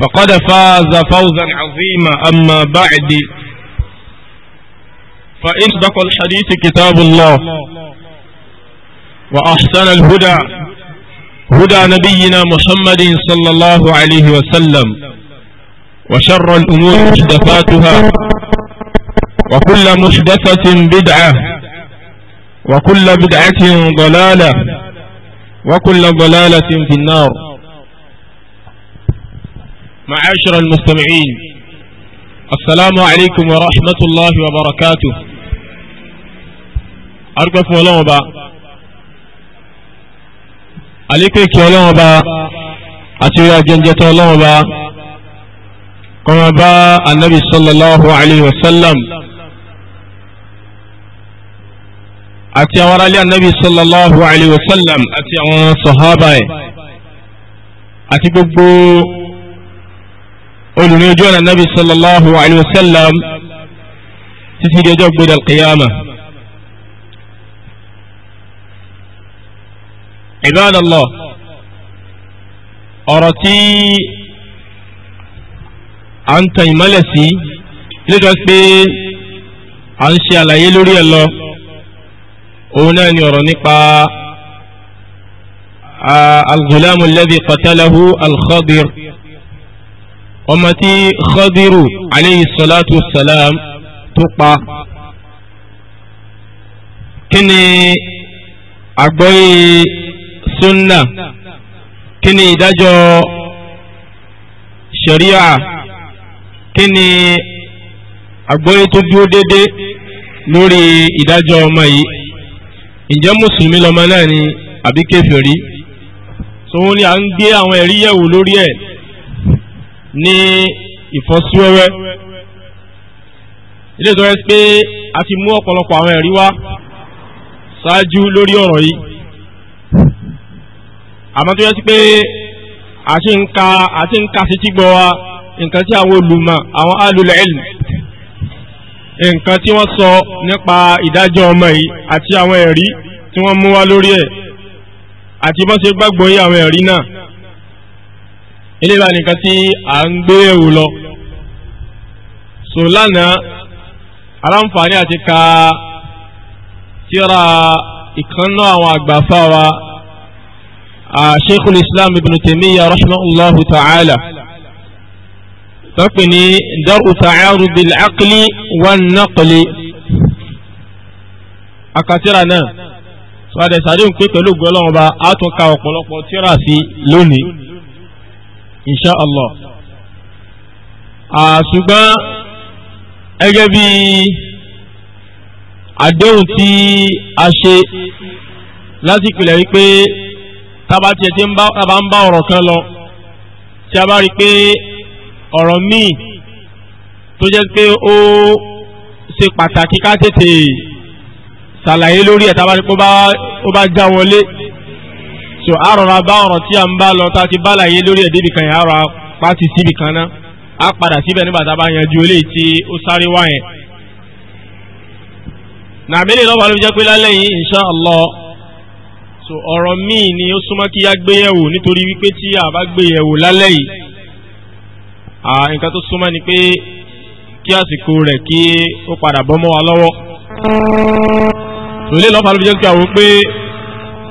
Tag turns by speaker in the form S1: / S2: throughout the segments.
S1: فقد فاز فوزا عظيما أما بعد فإن صدق الحديث كتاب الله وأحسن الهدى هدى نبينا محمد صلى الله عليه وسلم وشر الأمور محدثاتها وكل محدثة بدعة وكل بدعة ضلالة وكل ضلالة في النار معاشر المستمعين السلام عليكم ورحمة الله وبركاته أرقف ولو با عليكم ولو با أتويا جنجة ولو با كما با النبي صلى الله عليه وسلم àti àwọn النبي صلى الله عليه وسلم sallam àti àwọn sọ̀hábà olùrin ojú ọ̀nà nabi sallallahu alayhi wa sallam títí di ọjọ́ gbọdọ̀ qiyama. ibadallah ọ̀rọ̀ tí a ń tan ìmọ́lẹ̀ sí lẹ́jọ́ pé a ń ṣe àlàyé lórí ẹ̀ lọ òun náà ni ọ̀rọ̀ nípa al-ghulamu alladhi qatalahu ọmọ tí khadiru aleyhi salatu salam tó pa kí ni àgbọ́yé sunna kí ni ìdájọ́ sharia kí ni àgbọ́yé tó dúró dédé lórí ìdájọ́ ọmọ yìí ǹjẹ́ mùsùlùmí lọmọ náà ni àbí kèfèrí tó ń ní à ń gbé àwọn ẹ̀rí yẹ̀wò lórí ẹ̀ ní ìfọ́síwẹ́wẹ́ ilé ìtọ́jú pé a ti mú ọ̀pọ̀lọpọ̀ àwọn ẹ̀rí wá ṣáájú lórí ọ̀rọ̀ yìí àmọ́ tó yẹ sí pé a ti ń ka a ti ń ka sí tí gbọ́ wa nǹkan tí àwọn olùmọ̀ àwọn alùlẹ̀ ẹ̀lì nǹkan tí wọ́n sọ nípa ìdájọ́ ọmọ yìí àti àwọn ẹ̀rí tí wọ́n mú wá lórí ẹ̀ àti bọ́n ṣe gbàgbọ́ yìí àwọn ẹ̀rí náà eléyìí bá nìkan tí à ń gbé ẹ̀wò lọ so lánàá aláǹfààní àti ka tíra ìkànnà àwọn àgbàfà wa Sheikhul Islam Ibn Taymiyyah rahimahullahu ta'ala tọ́pẹ̀ ní dar'u ta'arud al-aqli wan-naqli akatira náà sọ́dẹ̀ sàdéhùn pé pẹ̀lú gbọ́lọ́wọ́ba á tún ka ọ̀pọ̀lọpọ̀ tíra sí lónìí insha allah ṣùgbọ́n gẹ́gẹ́ bí àdéhùn tí a ṣe láti ìpìlẹ̀ wípé tába tiẹ̀ tí tába ń bá ọ̀rọ̀ kan lọ tí a bá rí pé ọ̀rọ̀ míì tó jẹ́ pé ó ṣe pàtàkì ká tètè ṣàlàyé lórí ẹ̀ tába rí pé ó bá já wọlé so àrọ̀ra bá ọ̀rọ̀ tí a ń bá lọ tá a ti bá láyé lórí ẹ̀ débi kan yẹn àrọ̀ra pàtì síbi kan náà á padà síbẹ̀ nígbà tá a bá yanjú eléyìí tí ó sáré wá yẹn. nàbẹ́lẹ̀ lọ́wọ́ ló jẹ́ pé lálẹ́ yìí insha Allah so ọ̀rọ̀ míì ni ó súnmọ́ kí á gbé yẹ̀wò nítorí wípé tí a bá gbé yẹ̀wò lálẹ́ yìí nǹkan tó súnmọ́ ni pé kí àsìkò rẹ̀ kí ó padà bọ́ mọ́ wa lọ́wọ́. tòlé lọ́fà ló fi jẹ́ kí àwọn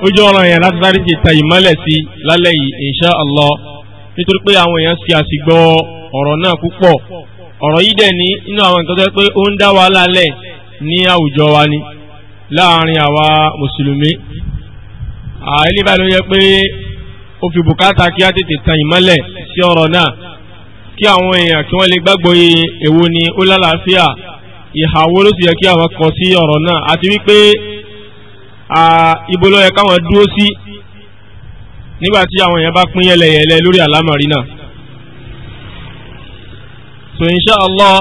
S1: ó jẹ́ ọ̀ràn yẹn láti sáré ṣètà ìmọ́lẹ̀ sí lálẹ́ yìí insha Allah nítorí pé àwọn èèyàn ṣe àṣìgbọ́ ọ̀rọ̀ náà púpọ̀ ọ̀rọ̀ yìí dẹ̀ ní inú àwọn nǹkan tó pé ó ń dá wa lálẹ̀ ní àwùjọ wa ni láàárín àwa mùsùlùmí àìlè báyìí ló yẹ pé ó fi bùkátà kí á tètè tan ìmọ́lẹ̀ sí ọ̀rọ̀ náà kí àwọn èèyàn kí wọ́n lè gbàgbọ́ iye èwo ni ó lálàáfíà ìhà ló sì yẹ kí àwọn kọ sí ọ̀rọ̀ náà àti wípé ibo ló káwọn dúró sí nígbà tí àwọn èèyàn bá pín yẹlẹyẹlẹ lórí àlámọ̀rí náà so inṣàlá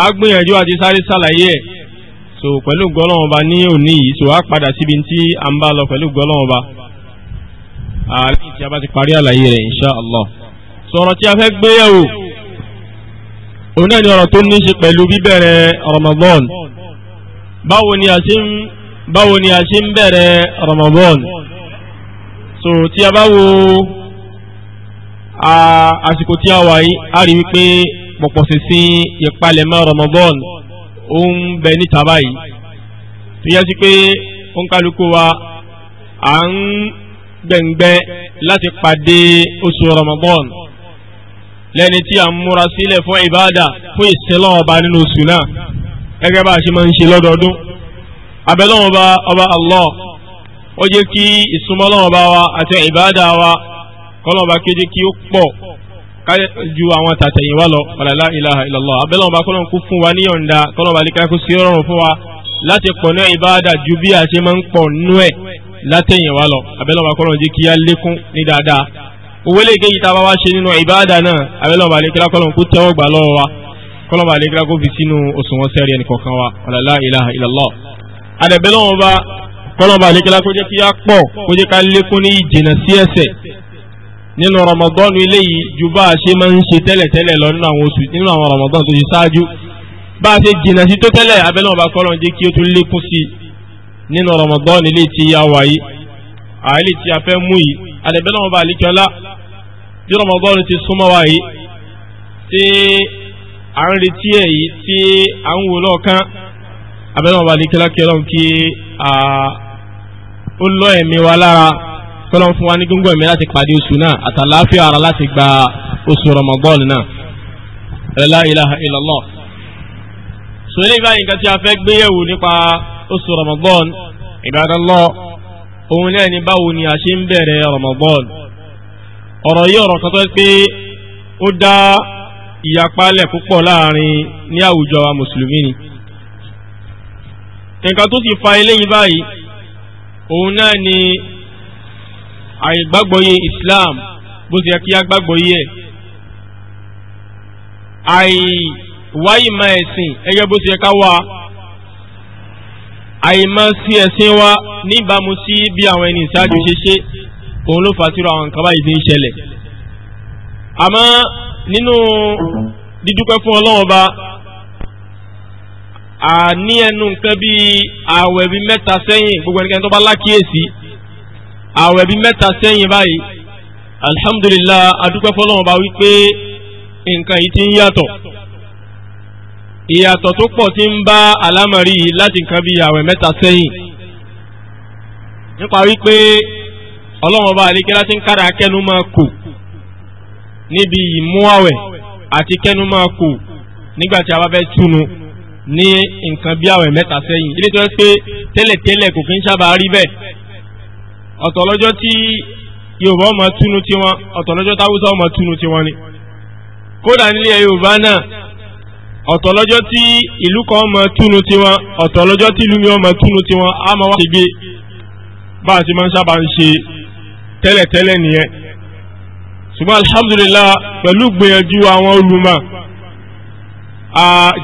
S1: a gbìyànjú àti sáré sàlàyé ẹ̀ so pẹ̀lú gọ́lọ́wọ́n ba ní òní yìí so a padà síbi tí a ń bá lọ pẹ̀lú gọ́lọ́wọ́n ba àárín tí a bá ti parí àlàyé rẹ̀ inṣàlá sọ̀rọ̀ tí a fẹ́ gbé yẹ̀wò òun náà ni ọ̀rọ̀ tó ní ṣe pẹ̀lú bíbẹ̀rẹ̀ Ramadan báwo ni a ti ń báwo ni a ṣe ń bẹ̀rẹ̀ Ramadan so tí a bá wo àsìkò tí a wà yìí a rí wípé pọ̀pọ̀ sísìn ìpalẹ̀mọ́ Ramadan ó ń bẹ níta báyìí tó yẹ sí pé ó ń kálukú wa à ń gbẹ̀ngbẹ́ láti pàdé oṣù Ramadan lẹ́ni tí a ń múra sílẹ̀ fún ìbáàdà fún ìsẹ́lọ̀ ọba nínú oṣù náà gẹ́gẹ́ bá a ṣe máa ń ṣe lọ́dọọdún abẹ́lọ́wọ́n bá ọba Allah ó jẹ́ kí ìsúnmọ́lọ́wọ́n bá wa àti ìbáàdà wa kọ́lọ́wọ́n bá kéde kí ó pọ̀ ju àwọn tàtẹ̀yìn wa lọ la ilaha illallah abẹ́lọ́wọ́n bá kọ́lọ́wọ́n kú fún wa ní yọ̀ǹda kọ́lọ́wọ́n bá líka kó sí rọrùn fún wa láti pọ̀ ní ìbáàdà ju bí a ṣe máa ń pọ̀ nú ẹ̀ látẹ̀yìn wa lọ abẹ́lọ́wọ́n bá kọ́lọ́wọ́n jẹ́ kí á lékún ní dáadáa owó lè kéyìí tá a bá wá ṣe nínú ìbáàdà náà abẹ́lọ́wọ́n bá líka kọ́lọ́wọ́n kú tẹ́wọ́ gbà lọ́wọ́ wa kọ́lọ́wọ́n bá líka kó fi sínú òṣùwọ̀n sẹ́rí ẹnì kọ̀ọ̀kan wa la ilaha illallah àdẹ̀bẹ́ lọ́wọ́ bá kọ́lọ́ba àlékelá kó jẹ́ kí á pọ̀ kó jẹ́ ká lékún ní ìjìnà sí ẹ̀ṣẹ̀ nínú Ramadan eléyìí ju bá a ṣe máa ń ṣe tẹ́lẹ̀tẹ́lẹ̀ lọ nínú àwọn oṣù nínú àwọn Ramadan tó ṣe ṣáájú bá a ṣe jìnà sí tó tẹ́lẹ̀ abẹ́lẹ́ ọba kọ́lọ́ jẹ́ kí ó tún lékún sí nínú Ramadan ilé tí a wà yìí àìlè tí a fẹ́ mú yìí àdẹ̀bẹ́lẹ́ ọba àlékelá tí Ramadan ti súnmọ́ wa yìí tí à ń retí ẹ̀ yìí tí à ń wò lọ́ọ̀kan abẹ́rẹ́ ọba àdékẹ́lá kí ọlọ́run kí ó lọ ẹ̀mí wa lára kọ́lọ́n fún wa ní góńgó ẹ̀mí láti pàdé oṣù náà àtàláfíà ara láti gba oṣù Ramadan náà la ilaha illallah so ilé ìbáyìí nǹkan tí a fẹ́ gbé yẹ̀wò nípa oṣù Ramadan ibadallah òun náà ni báwo ni a ṣe ń bẹ̀rẹ̀ Ramadan ọ̀rọ̀ yìí ọ̀rọ̀ kan tó pé ó dá ìyapálẹ̀ púpọ̀ láàrin ní àwùjọ wa mùsùlùmí ni nǹkan tó sì fa eléyìí báyìí òun náà ni àìgbàgbọ́yé Islam bó ti yẹ kí a gbàgbọ́yé ẹ̀ àìwáyìmọ̀ ẹ̀sìn ẹgẹ́ bó ti yẹ ká wà àìmọ̀ sí ẹ̀sìn wa níbàámu sí bí àwọn ẹni ìṣáájú ṣe ṣe òun ló fàtúrò àwọn nǹkan báyìí ti ń ṣẹlẹ̀ àmọ́ nínú dídúpẹ́ fún Ọlọ́run ọba ní ẹnu nǹkan bí ààwẹ̀ bí mẹ́ta sẹ́yìn gbogbo ẹnikẹ́ni tó bá lákìyèsí ààwẹ̀ bí mẹ́ta sẹ́yìn báyìí alhamdulillah adúpẹ́ fọlọ́wọ́n bá wípé nǹkan yìí ti ń yàtọ̀ ìyàtọ̀ tó pọ̀ ti ń bá àlámọ̀rí yìí láti nǹkan bí ààwẹ̀ mẹ́ta sẹ́yìn nípa wípé ọlọ́wọ́n bá àlékẹ́ láti ń kára kẹ́nu máa kù níbi ìmú àwẹ̀ àti kẹ́nu máa kù nígbà tí a bá fẹ́ túnu ní nǹkan bí àwẹ̀ mẹ́ta sẹ́yìn ilé tó yẹ pé tẹ́lẹ̀tẹ́lẹ̀ kò kí ń sábà rí bẹ́ẹ̀ ọ̀tọ̀ lọ́jọ́ tí yorùbá ọmọ túnú tí wọn ọ̀tọ̀ lọ́jọ́ táwùsá ọmọ túnú tí wọn ni kódà nílé yorùbá náà ọ̀tọ̀ lọ́jọ́ tí ìlú kan ọmọ túnú tí wọn ọ̀tọ̀ lọ́jọ́ tí ìlú mi ọmọ túnú tí wọn á máa wá ṣe bá a ti máa ń sábà ń ṣe tẹ́lẹ̀tẹ́lẹ̀ nìyẹn ṣùgbọ́n alhamdulillah pẹ̀lú gbìyànjú àwọn olùmọ̀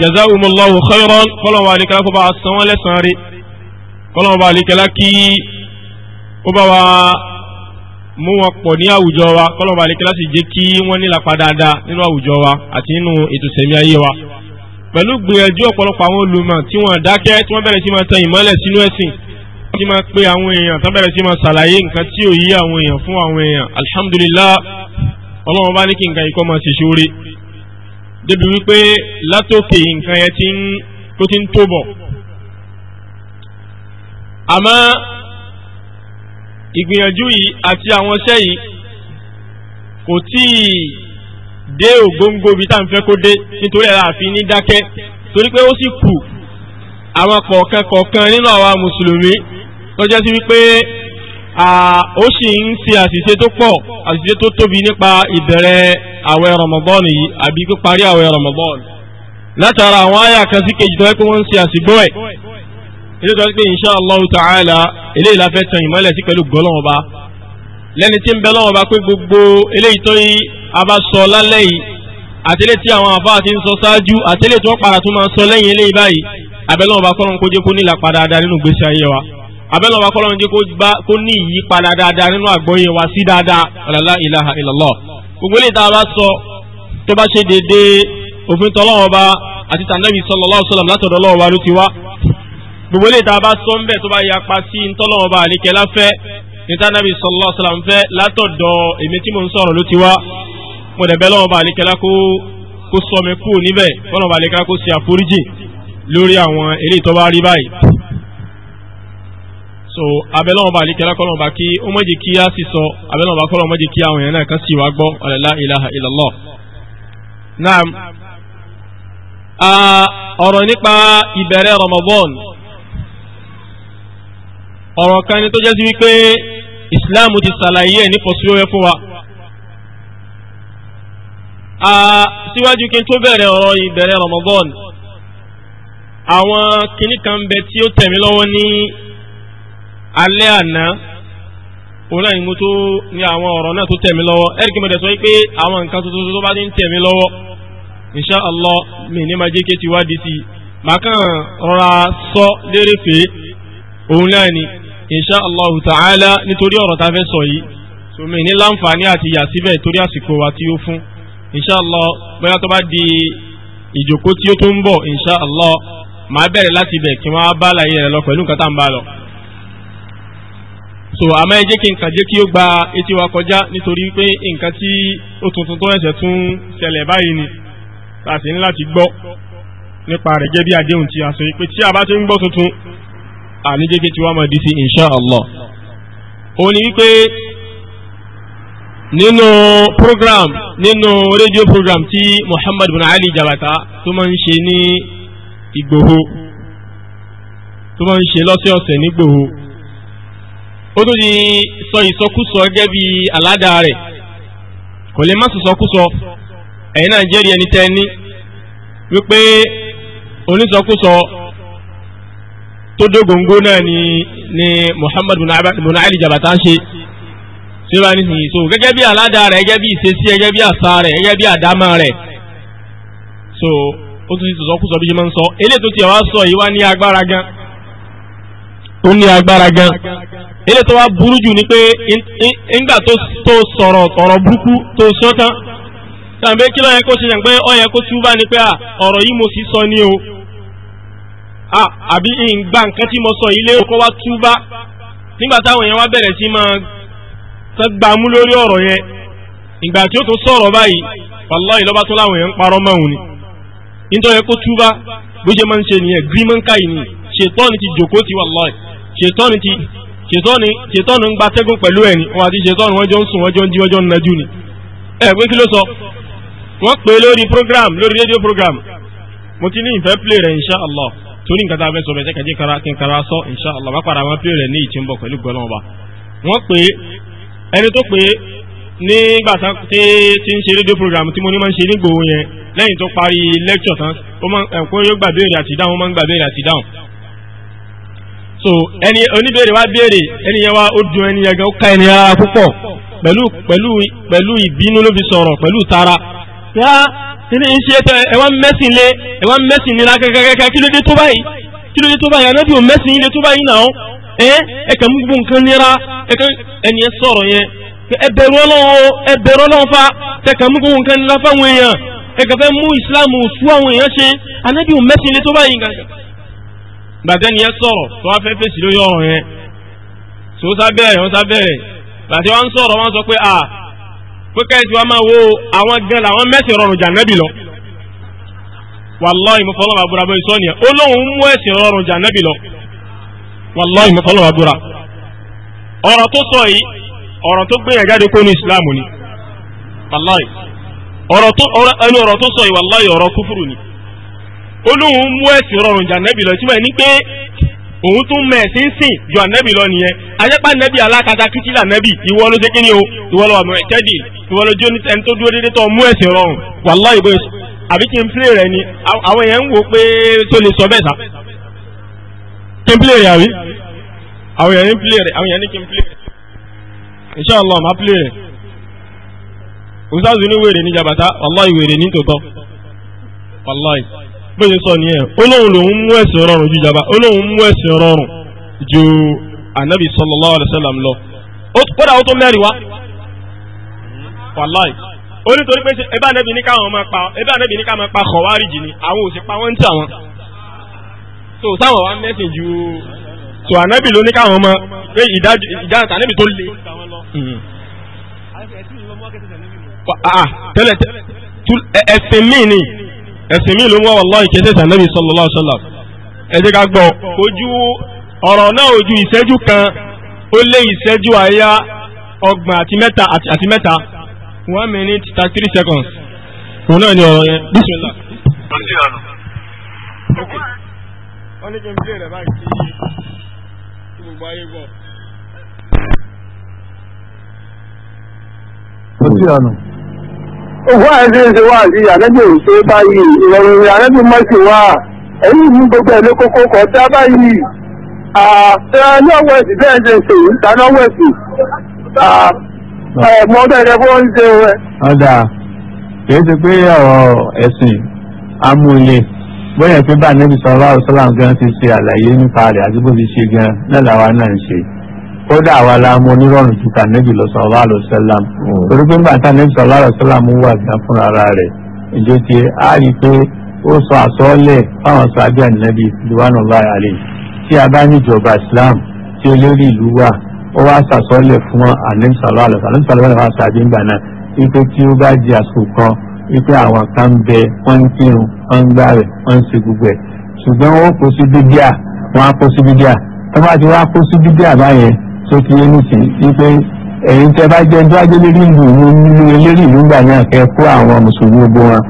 S1: jazakumullahu khairan kọ́lọ́mọba àlekẹ́lá kó bá a san wọ́n lẹ́sàn-án rí kọ́lọ́mọba àlekẹ́lá kí ó bá wa mú wọn pọ̀ ní àwùjọ wa kọ́lọ́mọba àlekẹ́lá sì jẹ́ kí wọ́n nílapa dáadáa nínú àwùjọ wa àti nínú ètò ìṣẹ̀mí ayé wa pẹ̀lú gbìyànjú ọ̀pọ̀lọpọ̀ àwọn olùmọ̀ tí wọ́n dákẹ́ tí wọ́n bẹ̀rẹ̀ sí máa tan ìmọ́lẹ̀ sínú ẹ̀sìn tí máa pe àwọn èèyàn tó bẹ̀rẹ̀ sí máa ṣàlàyé nǹkan tí ò yí àwọn èèyàn fún àwọn èèyàn alhamdulillah ọlọ́run bá ní kí nǹkan ikọ́ máa ṣe ṣoore débi wípé látòkè nǹkan yẹn ti ń tó ti ń tó bọ̀ àmọ́ ìgbìyànjú yìí àti àwọn iṣẹ́ yìí kò tí ì dé ògóńgó bí tá à ń fẹ́ kó dé nítorí ẹ̀rọ àfi ní dákẹ́ torí pé ó sì kù àwọn kọ̀ọ̀kan kọ̀ọ̀kan nínú àwa mùsùlùmí tó sí wípé ó sì ń ṣe àṣìṣe tó pọ̀ àṣìṣe tó tóbi nípa ìbẹ̀rẹ̀ àwẹ̀ Ramadan yìí àbí píparí àwẹ̀ Ramadan látara àwọn àyà kan sí kejì tó yẹ pé wọ́n ń ṣe àṣìgbọ́ ẹ̀ ilé tó yẹ pé insha Allah ta'ala eléyìí la tan ìmọ́lẹ̀ sí pẹ̀lú gbọ́lọ́wọ́ bá lẹ́ni tí ń bẹ lọ́wọ́ bá pé gbogbo eléyìí tó yí a bá sọ lálẹ́ yìí àtẹ́lẹ̀ tí àwọn àfáà ti ń sọ ṣáájú àtẹ́lẹ̀ tí wọ́n padà tún máa sọ lẹ́yìn eléyìí báyìí abẹ́lọ́wọ́ bá kọ́run kó jẹ́ kó nílà padà dáadáa nínú ìgbésí ayé wa abẹ́lẹ̀ wa kọ́lọ́run jẹ́ kó ní ìyípadà dáadáa nínú àgbọ́yé wa sí dáadáa la ilaha illallah gbogbo ilé ìta bá sọ tó bá ṣe dédé òfin tọ́lọ́wọ́ bá àti tànàbí sallallahu alaihi wasallam látọ̀dọ̀ lọ́wọ́ wa ló ti wá gbogbo ilé ìta sọ ń bẹ̀ tó bá yapa sí ntọ́lọ́wọ́ bá àlékẹ́ láfẹ́ nítànàbí sallallahu so abẹ́lọ́wọ́n bá àlíkẹ́lá kọ́lọ́wọ́n bá kí ó mọ́jì kí á sì sọ abẹ́lọ́wọ́n bá kọ́lọ́wọ́n mọ́jì kí àwọn èèyàn náà kan wá gbọ́ la ilaha illallah. naam ọ̀rọ̀ nípa ìbẹ̀rẹ̀ Ramadan ọ̀rọ̀ kan ni tó jẹ́ sí wípé Islam ti ṣàlàyé ẹ̀ ní pọ̀síwẹ́wẹ́ fún wa. síwájú kí n tó bẹ̀rẹ̀ ọ̀rọ̀ ìbẹ̀rẹ̀ Ramadan àwọn kìnnìkan bẹ tí ó tẹ̀mí lọ́wọ́ ní alẹ́ àná òun náà ni mo tó ní àwọn ọ̀rọ̀ náà tó tẹ̀mí lọ́wọ́ ẹ̀ríkì mọ̀dẹ̀ sọ pé àwọn nǹkan tuntun tó bá ti ń tẹ̀mí lọ́wọ́ insha Allah mi ní máa jẹ́ kí ti wádìí sí i màá rọra sọ lérèfé òun náà ni insha Allah ta'ala nítorí ọ̀rọ̀ tá a fẹ́ sọ yìí so mi ní láǹfààní àti yà síbẹ̀ torí àsìkò wa tí ó fún insha Allah bóyá tó bá di ìjòkó tí ó tó ń bọ̀ insha Allah màá bẹ̀rẹ̀ láti bẹ̀ kí wọ́n á bá àlàyé rẹ̀ lọ pẹ̀lú nǹkan tá à ń bá lọ so àmọ́ ẹ jẹ́ kí nǹkan jẹ́ kí ó gba etí wa kọjá nítorí pé nǹkan tí ó tuntun tó ẹ̀sẹ̀ tún ṣẹlẹ̀ báyìí ni a sì ní láti gbọ́ nípa rẹ̀ jẹ́ bí àdéhùn tí a sọ pé tí a bá ti ń gbọ́ tuntun àníjẹ́kẹ́ tí wá mọ̀ dí sí insha Allah ó ní wípé nínú program nínú rédíò program tí Muhammad bin Ali Jabata tó máa ń ṣe ní Ìgbòho tó máa ń ṣe lọ́sẹ̀ọ̀sẹ̀ ní Ìgbòho ó tún ti sọ ìsọkúsọ gẹ́gẹ́ bí àládà rẹ̀ kò lè má sọsọkúsọ ẹ̀yin náà jẹ́rìí ẹni tẹ́ ní wípé onísọkúsọ tó dógóńgó náà ni ni Muhammad bin Ali Jabata ṣe ṣé bá nísìnyí so gẹ́gẹ́ bí àládà rẹ̀ gẹ́gẹ́ bí ìṣesí gẹ́gẹ́ bí àṣà rẹ̀ gẹ́gẹ́ bí àdámà rẹ̀ so ó tún ti sọsọkúsọ bí ṣe máa ń sọ eléyìí tó tiẹ̀ wá sọ yìí wá ní agbára gan ó ní agbára gan. ilé tó wá burú jù ni pé ńgbà tó sọ̀rọ̀ ọ̀rọ̀ burúkú tó sọ tán tàbí kí ló kó ṣe yàn pé kó tú bá ní pé sọ o àbí ìgbà nǹkan tí mo sọ ilé o kó wá tú bá nígbà táwọn èèyàn wá bẹ̀rẹ̀ sí máa gbàmú lórí ọ̀rọ̀ yẹn ìgbà tí ó tó sọ̀rọ̀ báyìí wàláhì lọ́ba tó láwọn èèyàn ń parọ́ ni nítorí kó bá bó ṣe máa ń ṣe nìyẹn yìí ni ṣètọ́ni ṣètọ́nu ń gba tẹ́gùn pẹ̀lú ẹni wọn àti ṣètọ́nu wọn jọ ń sùn wọn jọ ń jí wọn jọ ń najú ni ẹ pé kí ló sọ wọn pè é lórí program lórí rédíò program mo ti ní ìfẹ́ play rẹ̀ insha allah torí nǹkan tá a fẹ́ sọ bẹ́ẹ̀ kẹ́kẹ́ kara kí n kara sọ insha allah wá padà wọn play rẹ̀ ní ìtì ń bọ̀ pẹ̀lú gbọ́dọ̀ wọn pè é ẹni tó pè é nígbà tí ń ṣe rédíò program tí mo ní máa ń ṣe nígbòho yẹn lẹ́yìn tó parí lecture tán ó máa ń kó yóò gbàbéèrè àti dáhùn ó máa ń gbàbéèrè àti so ẹni oníbèrè wá béèrè ẹni yẹn wá ó dùn ẹni yẹn gan ó ká ẹni ara púpọ̀ pẹ̀lú pẹ̀lú pẹ̀lú ìbínú ló fi sọ̀rọ̀ pẹ̀lú tara yá kíni ń ṣe tẹ ẹwà mẹ́sìn lé ẹwà mẹ́sìn nira kẹkẹkẹkẹ kí ló dé tó báyìí kí ló dé tó báyìí anábì ò mẹ́sìn yín lé tó báyìí náà ẹ ẹ kàn mú gbogbo nǹkan nira ẹ kàn ẹni yẹn sọ̀rọ̀ yẹn ẹ bẹ̀rù Ọlọ́run ẹ bẹ̀rù Ọlọ́run fa ẹ kàn mú gbogbo nǹkan nira fáwọn èèyàn ẹ kàn fẹ́ mú ìsìlámù sú àwọn èèyàn ṣe anábì ò mẹ́sìn tó báyìí nǹkan gbàtẹ́ni yẹn sọ̀rọ̀ tó wá fẹ́ fèsì lórí ọ̀rọ̀ yẹn tó sábẹ́rẹ̀ wọ́n sábẹ́rẹ̀ gbàtẹ́ wọ́n sọ̀rọ̀ wọ́n sọ pé à pé kẹ́sì wa máa wo àwọn gan làwọn mẹ́sìn rọrùn jànẹ́bì lọ wàláì mọ́fọ́lọ́wà búra bọ́ ìsọ́ ni ẹ̀ ó lóun mú ẹ̀sìn rọrùn jànẹ́bì lọ wàláì mọ́fọ́lọ́wà búra ọ̀rọ̀ tó sọ yìí ọ̀rọ̀ tó gbé yẹn jáde kó ní ìsìláàmù ni wàláì ẹnu ọ̀rọ̀ tó sọ yìí wàláì ọ̀rọ̀ kúfùrù ni olóhùn mú ẹ̀sìn rọrùn ju ànábì lọ ìtumọ̀ ẹ̀ ní pé òun tún mẹ ẹ̀sìn sìn ju ànábì lọ nìyẹn ajẹ́pá ànábì alákatá kìtì lànábì ìwọ ló ṣe kíni o ìwọ ló wà mọ ẹ̀kẹ́dì ìwọ ló jó ẹni tó dúró dédé tó mú ẹ̀sìn rọrùn wàláhì bó àbí kí n pílè rẹ ni àwọn èèyàn ń wo pé tó lè sọ bẹ́ẹ̀ sá kí n pílè rẹ àbí àwọn èèyàn ń pílè rẹ àwọn èèyàn ní kí n pílè rẹ inshallah bẹ́ẹ̀ sọ nìyẹn olóhùn lòún mú ẹ̀sìn rọrùn ju jaba olóhùn mú ẹ̀sìn rọrùn ju anabi sallallahu alayhi wa sallam lọ kódà ó tó mẹ́rin wá wàláì ó ní torí pé ẹbí anabi ní káwọn máa pa ẹbí anabi ní káwọn máa pa kọ̀wárì jì ni àwọn ò sì pa wọ́n ń tà wọ́n tó táwọn wá mẹ́sìn ju tó anabi ló ní káwọn máa pé ìdáhùn tànẹ́bì tó le. tẹ́lẹ̀ ẹ̀sìn míì ni ẹ̀sìn mi ló ń wá wàláhì kẹsẹ̀ sànẹ́bí sallallahu alaihi wasallam ẹ jẹ́ ká gbọ́ ojú ọ̀rọ̀ náà ojú ìṣẹ́jú kan ó lé ìṣẹ́jú àyá ọgbọ̀n àti mẹ́ta àti mẹ́ta one minute thirty three seconds òun náà ni ọ̀rọ̀ yẹn bísímìlá. wọ́n
S2: àná ògbó ah, uh, ah, eh, àìsí ṣe wá sí àlejò òṣè báyìí ìrọ̀rùn ìrìn àlejò mọ́sí wá èyí ní gbogbo ẹ̀ kókó kọ̀ tá báyìí ní ọwọ́ bẹ́ẹ̀ ṣe ṣe ìtaná ọwọ́ ẹ̀sì ẹ̀mọ́ bẹ́ẹ̀ ṣe fún ṣe rẹ̀. ọ̀dà kìí ṣe pé ọ̀rọ̀ ẹ̀sìn amúlé bóyá pé bá nẹ́bí sọ̀rọ̀ àwòsọ́lá gan ti ṣe àlàyé nípa rẹ̀ àti ti ṣe gan náà làwa náà ń ṣe kódà àwa la mú onírọ̀rùn ju tànẹ́bì lọ sallallahu alaihi wasallam mm. torí pé nígbà tànẹ́bì sallallahu alaihi wasallam wà gan fúnra ara rẹ̀ ìjọ ti á rí i pé ó sọ àsọ́ọ́lẹ̀ fáwọn sàbí ànẹ́bì ridwanullahi alaihi tí a bá níjọba Islam tí olórí ìlú wà ó wá sàsọ́ọ́lẹ̀ fún ànẹ́bì sallallahu alaihi wasallam sallallahu alaihi wasallam sàbí ńgbà náà wípé tí ó bá di àsìkò kan wípé àwọn kan bẹ wọ́n ń kírun wọ́n ń gbààwẹ̀ wọ́n ń ṣe gbogbo ẹ̀ ṣùgbọ́n wọ́n kó sí bídíà wọ́n á kó sí bídíà tó bá ti wá kó sí bídíà báyẹn tó ti yé nìsín wípé ẹ̀yin tẹ́ bá jẹ́ ẹjọ́ ajé lérí ìlú nínú eléré ìlú gbà ní àkẹ́ kó àwọn mùsùlùmí gbogbo wọn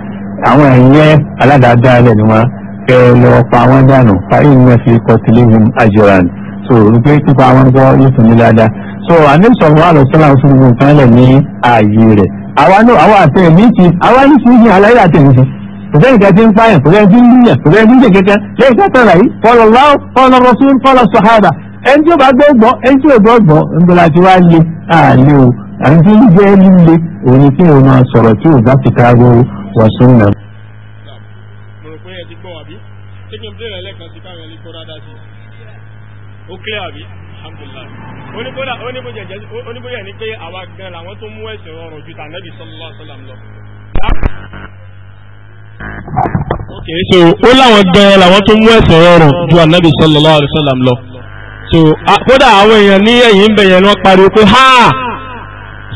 S2: àwọn ẹ̀yìn aládàáda rẹ̀ ni wọ́n fẹ́ lọ pa wọ́n dànù parí ìwé fi kọtìlẹ́hìn àjọràn so wípé pípa wọn gbọ́ yóò tún ní dáadáa so àníṣọ̀rọ̀ wà lọ́sọ́lá fún gbogbo nǹkan lẹ̀ ní ààyè rẹ̀ àwa náà àwa àti ẹ̀mí ti àwa ní sí ìhìn aláyé àti ẹ̀mí ti kò sẹ́yìn kan ti ń pààyàn kò sẹ́yìn ti ń lùyàn kò sẹ́yìn ti ń jẹ kẹ́kẹ́ lẹ́yìn kẹ́kẹ́ rà yìí fọlọ́lá fọlọ́rọ́sún fọlọ́sọ̀hádà ẹni tí ó bá gbọ́ gbọ́ ẹni tí ó gbọ́ gbọ́ ńgbọ́lá tí wàá lé àlè o àti tí ń jẹ́ líle òun ni kí òun máa sọ̀rọ̀ tí ò bá ti ká gbọ́ wọ́n sún nà. mo rò pé ẹ ti gbọ́ àbí ṣé kí n bẹ̀rẹ̀ lẹ́ẹ̀kan sí káwọn ẹni kó rádá sí i ó kílẹ̀
S1: àbí alhamdulilayi oníbóyà ni pé àwa gan làwọn tó mú ẹsẹ̀ rọrùn
S2: ju tànàbì sallallahu ok so ó
S1: láwọn gan làwọn tó mú ẹsẹ̀ rọrùn ju ànàbì sallallahu alaihi wasallam lọ so kódà àwọn èèyàn ní ẹ̀yìn ń bẹ̀yẹn wọ́n pariwo pé ha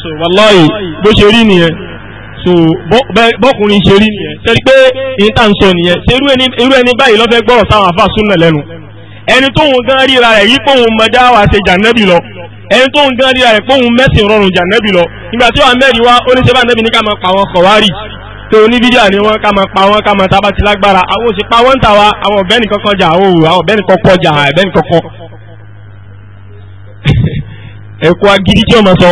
S1: so wallahi bó ṣe rí nìyẹn so bọ́kùnrin ṣe rí nìyẹn tẹ́lí pé ìyẹn tá ń sọ nìyẹn ṣe irú ẹni báyìí lọ́fẹ́ gbọ́rọ̀ táwọn àfa súnà lẹ́nu ẹni tó ń gan ríra rẹ̀ yí pé òun mọ̀dá wa ṣe jàǹdẹ́bì lọ ẹni tó ń gan ríra rẹ̀ pé òun mẹ́sìn rọrùn jàǹdẹ́bì lọ nígbà tí wàá mẹ́rin wá ó ní ṣe bá nẹ́bì ní ká máa pa wọn kọ̀wárì pé oníbídíà ni wọ́n ká máa pa wọ́n ká máa tábà ti lágbára àwọn òṣèpá wọ́n ń tà wá àwọn ọ̀bẹ́ni kankan jà àwọn òwò àwọn ọ̀bẹ́ni kankan jà àbẹ́ni kankan ẹ̀kọ́ agidi tí ọmọ sọ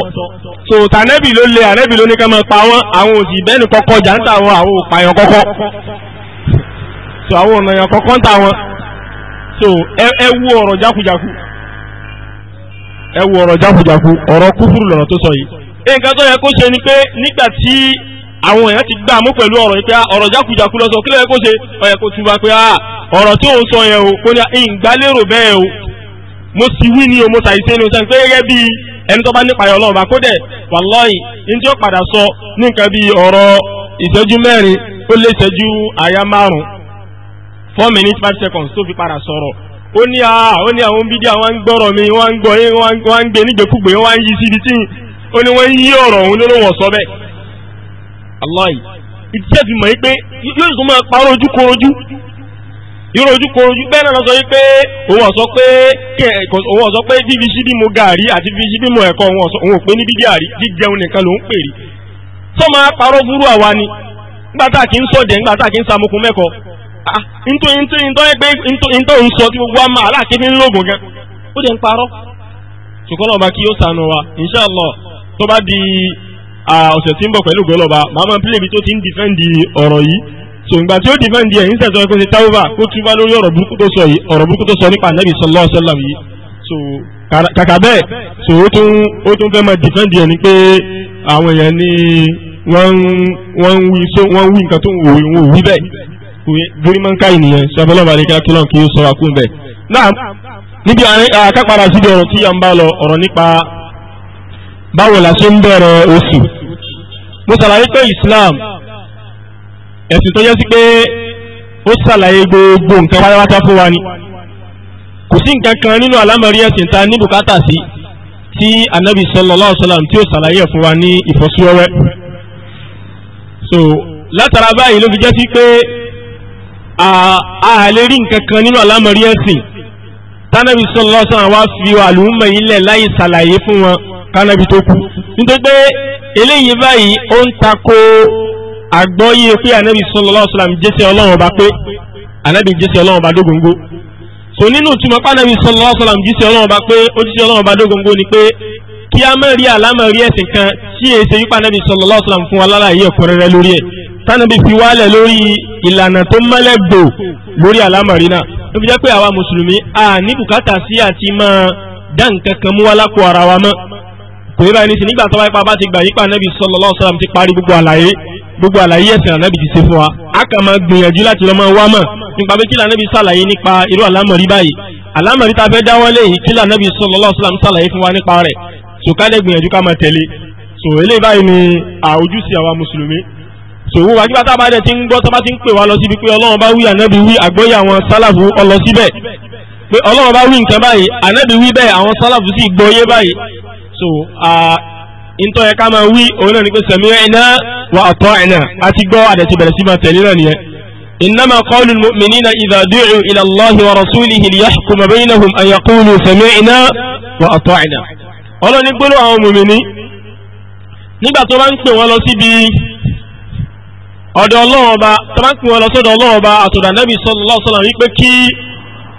S1: so tànẹ́bì ló lé ànẹ́bì ló ní ká máa pa wọ́n àwọn òsì bẹ́ẹ̀ni kọ́kọ́ jà ń tà wọn àwọn òpààyàn kọ́kọ́ so àwọn ọ̀nàyàn kọ́kọ́ ń tà wọn so ẹ wú ọ̀rọ̀ jákujàku ẹ wú ọ̀rọ̀ jákujàku ọ̀rọ̀ kúfúrú lọ̀rọ̀ tó sọ yìí nǹkan tó yẹ kó ṣe ni pé nígbà tí àwọn èèyàn ti gbà mú pẹ̀lú ọ̀rọ̀ yìí ọ̀rọ̀ jákujàku lọ sọ kí ló kó ṣe ó kó túbà pé ọ̀rọ̀ tí òun sọ yẹn o kò ní ìgbàlérò bẹ́ẹ̀ o mo sì wí ni o mo ṣàìṣe ni o sẹ́ni pé gẹ́gẹ́ bí ẹni tó bá nípa ẹ̀ ọlọ́run bá kó ní tí ó padà sọ ní nǹkan bí ọ̀rọ̀ ìṣẹ́jú mẹ́rin ó lé ìṣẹ́jú àyá márùn-ún four minutes five seconds tó fi padà sọ̀rọ̀ ó ní a ó ní àwọn bídíà wọn ń gbọ́rọ̀ mi wọn ń gbọ́ yín wọn ń gbé nígbèkúgbè wọn ń yí síbi tí ó ní wọ́n ń yí ọ̀rọ̀ òun ló wọ̀ sọ bẹ́ẹ̀ aláì ìdíjẹ́ yóò rojú kó rojú bẹ́ẹ̀ náà sọ pé òun ọ̀sọ́ pé òun ọ̀sọ́ pé fífi síbí mu gàrí àti fífi síbí mu ẹ̀kọ́ òun ọ̀sọ́ òun ò pé níbi gàrí jíjẹun nìkan ló ń pè tó máa parọ́ burú àwa ni nígbà tá a kì í sọ̀jẹ̀ nígbà tá samokun mẹ́kọ̀ọ́ ah, ntọ́ ń sọ tí gbogbo àmà aláàkíní ń lóògùn gan ó jẹ́ ń parọ́ ṣùgbọ́n ọba kí ó sànù wa inshallah tó bá di ah, ọ̀sẹ̀ tí ń bọ̀ pẹ̀lú gbọ́lọ́ba màá máa ń pílẹ̀ ibi tó ti ń dìfẹ́ǹdì ọ̀rọ̀ yìí sòǹgbà tí ó dìfẹ́ǹdì ẹ̀ nígbà tó ń pèsè táwọ́bà kó túbá lórí ọ̀rọ̀ burúkú tó sọ yìí ọ̀rọ̀ burúkú tó sọ nípa anabi sallallahu alaihi wasallam yìí so kàkà bẹ́ẹ̀ so ó tún ó tún fẹ́ máa dìfẹ́ǹdì ẹ̀ ní pé àwọn èèyàn ní wọ́n ń wí so wọ́n ń wí nǹkan tó ń wò wọ́n wí bẹ́ẹ̀ borí máa ń ká ènìyàn sábẹ́lá balẹ̀kẹ́ kílọ̀ kí ó sọ wá kún bẹ́ẹ̀ náà níbi àkápàdà síbi ọ̀rọ̀ tí à ń bá lọ ọ̀rọ̀ nípa báwo la ṣe ń bẹ̀rẹ̀ oṣù mo ṣàlàyé pé Islam ẹ̀sìn tó jẹ́ sí pé ó ṣàlàyé gbogbo nǹkan pátápátá fún wa ni kò sí nǹkan kan nínú àlámọ̀rí ẹ̀sìn ta ní bùkátà sí tí anabi sallallahu alaihi wasallam tí ó ṣàlàyé fún wa ní ìfọ́síwẹ́wẹ́ so látara báyìí ló fi jẹ́ sí pé a lè rí nǹkan kan nínú àlámọ̀rí ẹ̀sìn tánàbí sallallahu alaihi wasallam wá fi àlùmọ̀ ilẹ̀ láì ṣàlàyé fún wọn kánàbí tó kú nítorí pé eléyìí báyìí ó ń tako àgbọ́yé pé ànábì sallallahu alaihi wasallam jẹ́sẹ̀ ọlọ́run ọba pé ànábì jẹ́sẹ̀ ọlọ́run ọba dógóńgó so nínú ìtumọ̀ pé ànábì sallallahu alaihi wasallam jẹ́sẹ̀ ọlọ́run ọba pé ó jẹ́sẹ̀ ọlọ́run ọba dógóńgó ni pé kí a máa rí àlámọ̀ rí ẹ̀sìn kan tí èyí ṣe wípé ànábì sallallahu alaihi wasallam fún wa lálàyé ẹ̀kúnrẹ́rẹ́ lórí ẹ̀ tánàbí fi wálẹ̀ lórí ìlànà tó mẹ́lẹ̀ gbò lórí àlámọ̀ rí náà ló fi jẹ́ pé àwa mùsùlùmí gbogbo àlàyé ẹ̀sìn ànábì ti ṣe fún wa a kà máa gbìyànjú láti lọ́mọ wá mọ̀ nípa pé kílà ànábì ṣàlàyé nípa irú àlámọ̀rí báyìí àlámọ̀rí tá a fẹ́ dáwọ́lé yìí kílà ànábì sallallahu alaihi wasallam ṣàlàyé fún wa nípa rẹ̀ so ká dẹ̀ gbìyànjú ká máa tẹ̀lé so eléyìí báyìí ni àwòjúṣe àwa mùsùlùmí so wúwa nígbà tá a bá dẹ̀ ti ń gbọ́ tó bá ti ń pè wá lọ síbi pé ọlọ́run bá wí ànábì wí àgbọ́yé àwọn sálàfù ọlọ síbẹ̀ pé ọlọ́run bá wí nǹkan báyìí ànábì wí bẹ́ẹ̀ àwọn sálàfù sì gbọ́yé báyìí so ntọ́ yẹ ká máa wí òun náà ni pé sami'na wa ata'na àti gbọ́ àdẹ̀tí bẹ̀rẹ̀ sí إنما قول المؤمنين إذا دعوا إلى الله ورسوله ليحكم بينهم أن يقولوا سمعنا وأطعنا ọlọ́ ní gbóló àwọn mùmìnì nígbà tó bá ń pè wọn lọ síbi ọ̀dọ̀ Ọlọ́run Ọba tó bá ń pè wọn lọ sọ́dọ̀ Ọlọ́run Ọba àtọ̀dà Nábì sallallahu wípé kí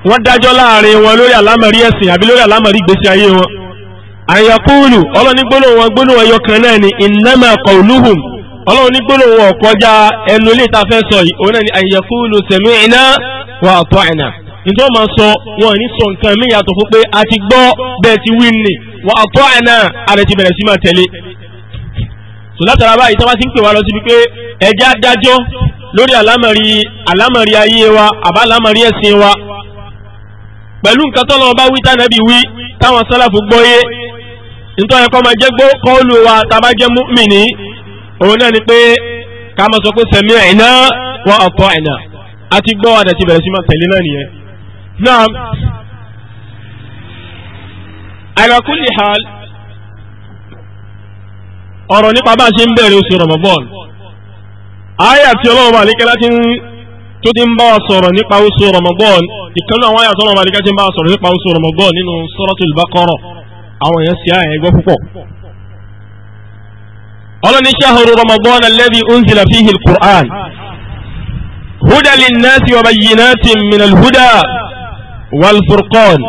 S1: wọ́n dájọ́ láàrin wọn lórí àlámọ̀rí ẹ̀sìn àbí lórí àlámọ̀rí ìgbésí ayé wọn àyàkúlù ọlọ́run ní wọn gbólóhùn ẹyọ kan náà ni innama wọn kọjá ẹnu ilé ìtafẹ́ sọ yìí òun náà ni àyàkúlù sami'na wa ata'na nítorí wọn máa sọ wọn ní sọ nǹkan mí yàtọ̀ fún pé a ti gbọ́ bẹ́ẹ̀ ti wí ni wa ata'na àrẹ ti bẹ̀rẹ̀ sí máa tẹ̀lé látara báyìí ti ń pè wá lọ síbi pé ẹjẹ́ wa àbá ẹ̀sìn wa pẹ̀lú nǹkan bá wí nítorí ẹ̀kọ́ máa jẹ́ gbó kọ́ọ̀lù wa tàbá jẹ́ mùmínì òun náà ni pé ká máa sọ pé sẹ̀mí ẹ̀ná wa ata'na àti gbọ́ àdà ti bẹ̀rẹ̀ sí máa tẹ̀lé náà nìyẹn. náà ala kulli hal ọ̀rọ̀ nípa bá a ṣe ń bẹ̀rẹ̀ oṣù Ramadan àyà tí ọlọ́run bá lékẹ́ láti tó ti ń bá wa sọ̀rọ̀ nípa oṣù Ramadan ìkànnì àwọn àyà tí ọlọ́run bá lékẹ́ ti ń bá wa sọ̀rọ̀ nípa oṣù Ramadan nínú Suratul Baqarah àwọn èèyàn sí àyẹ̀ gbọ́ púpọ̀ ọlọ́ni ṣáhùrù ramadan alladhi unzila fihi alquran huda linnasi wa bayyinatin min alhuda wal furqan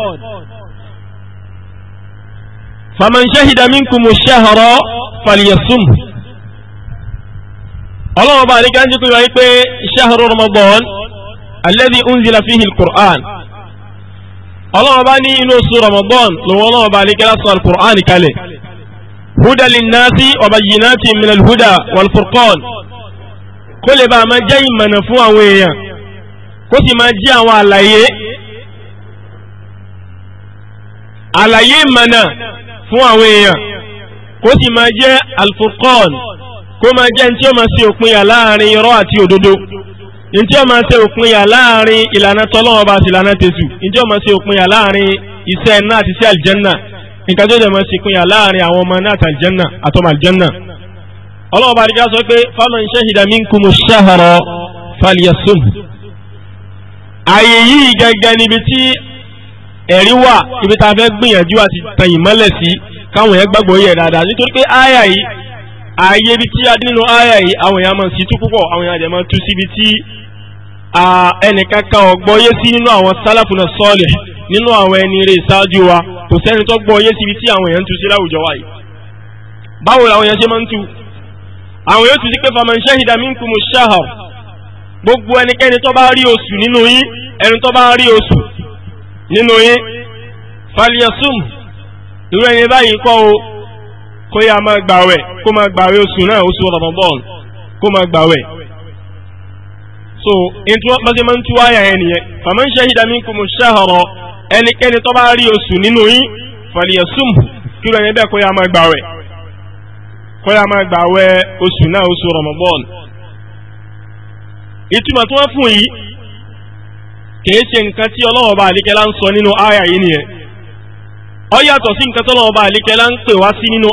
S1: faman shahida minkum ash-shahra falyasum ọlọ́wọ́ bá rí gáńjú pé wáyé pé ṣáhùrù ramadan alladhi unzila fihi alquran ọlọ́run bá ní inú oṣù Ramadan lòun ọlọ́run bá lè kẹ́lá sọ alukur'an kalẹ̀ huda linnasi wa bayyinati minal huda wal furqan kó lè bá a máa jẹ́ ìmọ̀nà fún àwọn èèyàn kó sì máa jẹ́ àwọn àlàyé àlàyé ìmọ̀nà fún àwọn èèyàn kó sì máa jẹ́ al kó máa jẹ́ ní tí ó máa ṣe òpin yà láàrin irọ́ àti òdodo ǹjẹ́ ọmọ ṣe òpin yà láàrin ìlànà tọ́lọ́wọ́ bá ìlànà tẹ̀sù ǹjẹ́ ọmọ ṣe òpin yà láàrin iṣẹ́ iná àti iṣẹ́ àlìjẹ́nà nǹkan tó dẹ̀ mọ́ ṣe òpin yà láàrin àwọn ọmọ náà àtàlìjẹ́nà àtọmọ àlìjẹ́nà. ọlọ́wọ́ bá dìgbà sọ pé faman shahida minkumu shahra falyasum. ààyè yìí gẹ́gẹ́ níbi tí ẹ̀rí wà ibi tá a fẹ́ gbìyànjú àti tẹ̀yìn mọ́lẹ̀ sí káwọn yẹn gbàgbọ́ yẹ dáadáa nítorí pé áyà yìí ààyè ibi tí adé nínú áyà yìí àwọn èèyàn máa ń sí tú púpọ̀ àwọn èèyàn àjẹmọ́ tú síbi tí ẹnìkankan ọ̀gbọ́ yé sí nínú àwọn sálàfù náà sọ́ọ̀lẹ̀ nínú àwọn ẹni rẹ̀ ṣáájú wa kò sẹ́ni tó gbọ́ yé síbi tí àwọn èèyàn ń tu sí láwùjọ wa yìí báwo làwọn èèyàn ṣe máa ń tu àwọn yóò tu sí pé faman shahida minkumu shahar gbogbo ẹnikẹ́ni tó bá rí oṣù nínú yín ẹni tó bá rí oṣù nínú yín falyasum irú ẹni báyìí kọ́ o kó yá máa gbàwẹ̀ kó máa gbàwẹ̀ oṣù náà oṣù Ramadan kó máa gbàwẹ̀ so báṣe máa ń tú àyà yẹn nìyẹn faman shahida minkumu shahra ẹnikẹ́ni tó bá rí oṣù nínú yín falyasum kí ló ẹni bẹ́ẹ̀ kó yá máa gbàwẹ̀ osu yá máa gbàwẹ̀ fún nǹkan tí bá ń sọ nínú yìí sí nǹkan bá ń pè wá sí nínú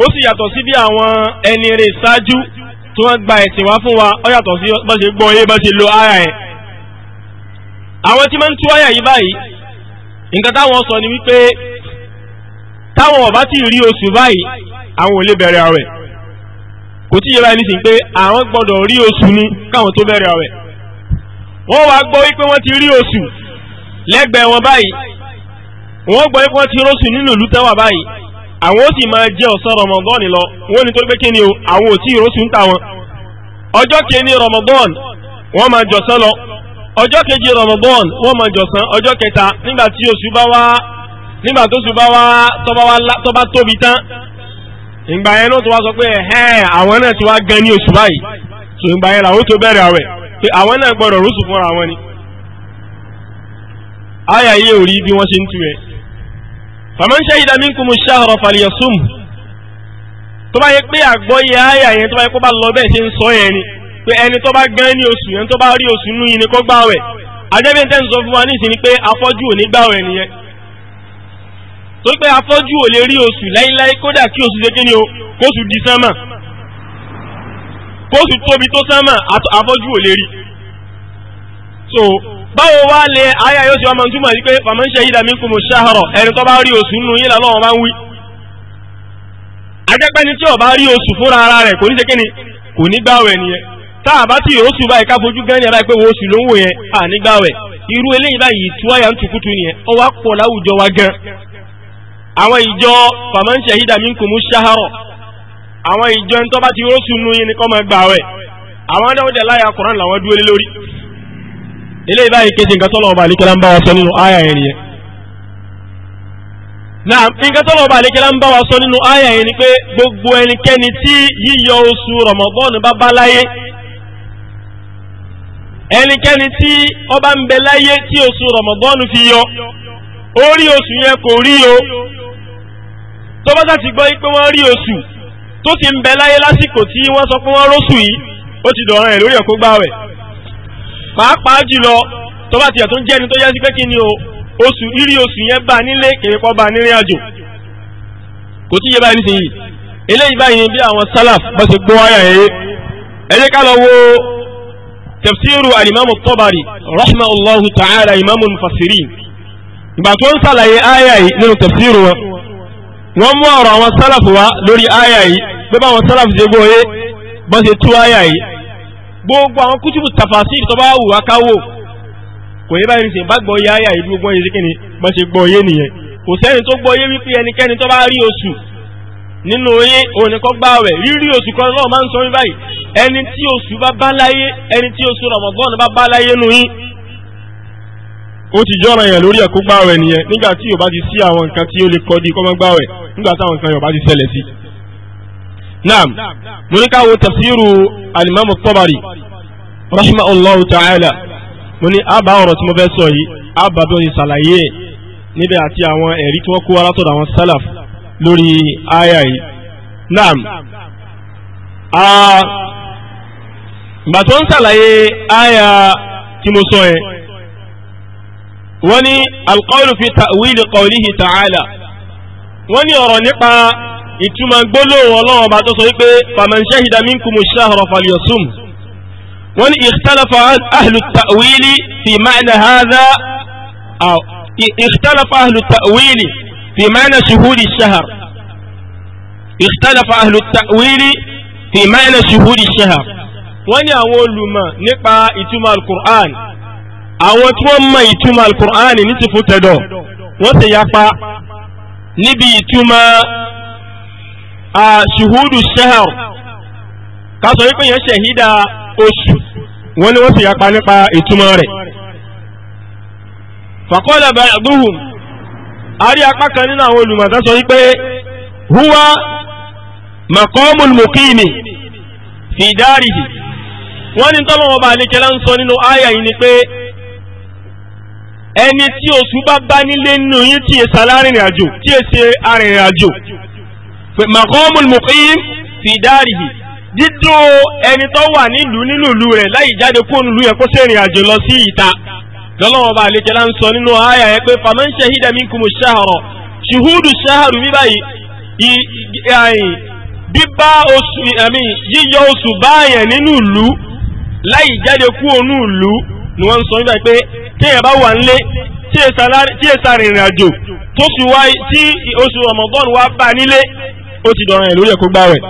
S1: ó sì yàtọ̀ sí bí àwọn ẹni rè ṣáájú tí wọ́n gba ẹ̀sìn wá fún wa ó yàtọ̀ sí bá ṣe gbọ́ yé bá ṣe lo ara ẹ̀ àwọn tí máa ń tú àyà yìí báyìí nǹkan táwọn sọ ni wípé táwọn ọba ti rí oṣù báyìí àwọn ò lè bẹ̀rẹ̀ àwẹ̀ kò tí yẹ báyìí nísìnyí pé àwọn gbọ́dọ̀ rí oṣù ni káwọn tó bẹ̀rẹ̀ àwẹ̀ wọ́n wá gbọ́ wípé wọ́n ti rí oṣù lẹ́gbẹ̀ẹ́ wọn báyìí wọ́n gbọ́ wípé wọ́n ti róṣù nínú ìlú tẹ́wà báyìí àwọn ó sì máa jẹ́ ọ̀sán rọmọgọ́ọ̀nì lọ wọ́n ní tó gbé kíni o àwọn ò tí ì róṣù ń wọn ọjọ́ kìíní rọmọgọ́ọ̀n wọ́n máa jọ̀sán lọ ọjọ́ kejì rọmọgọ́ọ̀n wọ́n máa jọ̀sán ọjọ́ kẹta nígbà tí oṣù bá wá nígbà tó oṣù bá wá tó bá tóbi tán ìgbà yẹn ló tó wá sọ pé ẹ̀hẹ́ àwọn náà ti wá gan ní oṣù báyìí tó ìgbà yẹn làwọn tó faman shahida minkumu shahra falyasum tó bá yẹ pé àgbọ́yé àyà yẹn tó bá yẹ kó bá lọ bẹ́ẹ̀ ṣe ń sọ yẹn ni pé ẹni tó bá gán ní oṣù yẹn tó bá rí oṣù nú yìí ni kó gbààwẹ̀ àjẹbí tẹ́ ń sọ fún wa ní ìsinmi pé afọ́jú ò ní gbààwẹ̀ nìyẹn tó pé afọ́jú ò lè rí oṣù láíláí kódà kí oṣù ṣe kí ni o kóṣù di sánmà kóṣù tóbi tó sánmà afọ́jú ò lè rí so báwo wá lè àyà yóò ti wá máa ń túmọ̀ sí pé faman shahida minkumu shahra ẹni tó bá rí oṣù nínú yín lọ́wọ́ bá ń wí. tí bá rí oṣù fúnra ara rẹ̀ kò ní ṣe kíni kò ní gbàwẹ̀ nìyẹn tá a bá ti oṣù báyìí ká fojú gan ni ara pé oṣù ló ń wò yẹn à ní gbàwẹ̀ irú eléyìí báyìí tú àyà ń tukutu nìyẹn ó wá pọ̀ láwùjọ wa gan. àwọn ìjọ faman shahida minkumu ilé ìbáyìí kejì nǹkan tọ́lọ̀ ọba àlékẹ́lá ń bá wa sọ nínú àyà yẹn nìyẹn náà nǹkan tọ́lọ̀ ọba àlékẹ́lá ń bá wa sọ nínú àyà yẹn ni pé gbogbo ẹnikẹ́ni tí yíyọ oṣù rọ̀mọ̀bọ́ọ̀nù bá bá láyé ẹnikẹ́ni tí ọba ń bẹ láyé tí oṣù rọ̀mọ̀bọ́ọ̀nù fi yọ ó rí oṣù yẹn kò rí o tó bá sàti gbọ́ pé wọ́n rí oṣù tó ti ń bẹ láyé lásìkò tí wọ́n sọ pé wọ́n róṣù yìí ó ti dọ̀ràn ẹ̀ lórí ẹ̀kọ́ gbáwẹ̀ pàápàá jùlọ tó bá tiẹ̀ tó ń jẹ́ni tó yẹ sí pé kí ni o oṣù rírí oṣù yẹn bá nílé kèrèkọ́ bá nílé àjò kò tí yé báyìí nísìnyí eléyìí báyìí bí àwọn sálàf bá ṣe gbọ́ ayà yẹn ẹ jẹ́ ká lọ wo tafsiru alimami tọ́bari rahmanullahu ta'ala imamu mufassirin ìgbà tó ń sàlàyé ayà yìí nínú tafsiru wọn wọ́n mú ọ̀rọ̀ àwọn sálàf wa lórí ayà yìí pé báwọn sálàf ṣe gbọ́ yé bá ṣe tú ayà yìí gbogbo àwọn kútùbù tàfàṣì tó bá wù wá káwò kò yé báyìí nìsín bá gbọ́ yé ayé àyè gbogbo yẹn sí kíni bá ṣe gbọ́ yé nìyẹn kò sẹ́ni tó gbọ́ yé wípé ẹnikẹ́ni tó bá rí oṣù nínú oyé òní kọ́ gbá rẹ̀ rírí oṣù kan náà máa ń sọ mí báyìí ẹni tí oṣù bá bá láyé ẹni tí oṣù Ramadan bá bá láyé nù yín ó ti jọ́ra yẹn lórí ẹ̀kọ́ gbá rẹ̀ nìyẹn nígbà tí yóò bá ti sí àwọn nǹkan tí ó lè kọ́ di kọ́ gbá rẹ̀ nígbà táwọn nǹkan yóò bá ti ṣẹlẹ̀ sí i naam mo ní káwọ tafsiru alimami Tabari rahimahullahu ta'ala mo ní àbá ọ̀rọ̀ tí mo fẹ́ sọ yìí àbá bí wọ́n ti ṣàlàyé ẹ̀ níbẹ̀ àti àwọn ẹ̀rí tí wọ́n kó wá látọ̀dọ̀ àwọn sálàf lórí àyà yìí naam ìgbà tó ń ṣàlàyé àyà tí mo sọ yẹn wọ́n ní alqawlu fi ta'wili qawlihi ta'ala wọ́n ní ọ̀rọ̀ nípa ìtumọ̀ gbólóhùn ọlọ́run ọba tó sọ wípé faman shahida minkumu shahra falyasum wọ́n ní ikhtalafa ahlu ta'wili fi ma'na hadha aw ikhtalafa ahlu ta'wili fi ma'na shuhudi shahr ikhtalafa ahlu ta'wili fi ma'na shuhudi shahr wọ́n ní àwọn olùmọ̀ nípa ìtumọ̀ al-Qur'an àwọn tí wọ́n mọ ìtumọ̀ al ní ti fún tẹ̀dọ̀ wọ́n ti yapa níbi ìtumọ̀ a shuhudu shahar kaso yi kwenye shahida osu wani wasu ya kwa nipa ituma re fakola ba ya duhu ari akpa kani na wolu ma kaso yi huwa makomul mukimi fi darihi wani tọmọ ọba ni kẹlẹ ń sọ nínú aya yìí ni pé ẹni tí o tún bá bá nílé nínú yìí tí e sa maqamul muqim fi darihi dídó ẹni tó wà nílùú nílùú rẹ̀ láì jáde kó nílùú yẹn kó sẹ́rìn àjò lọ sí ìta lọ́lọ́wọ́ bá àlejò lá ń sọ nínú àyà ẹ pé faman shahida minkumu shahra ṣùhúdù ṣáàrù bí báyìí bíbá oṣù ẹ̀mí yíyọ oṣù báyẹn nínú ìlú láì jáde kú ònú ìlú ni wọ́n ń sọ nígbà pé téèyàn bá wà nílé tí èsà rìnrìn àjò tó sì wá tí oṣù Ramadan wá bá nílé ó ti dọ̀ràn ẹ̀ lórí ẹ̀ kó gbààwẹ̀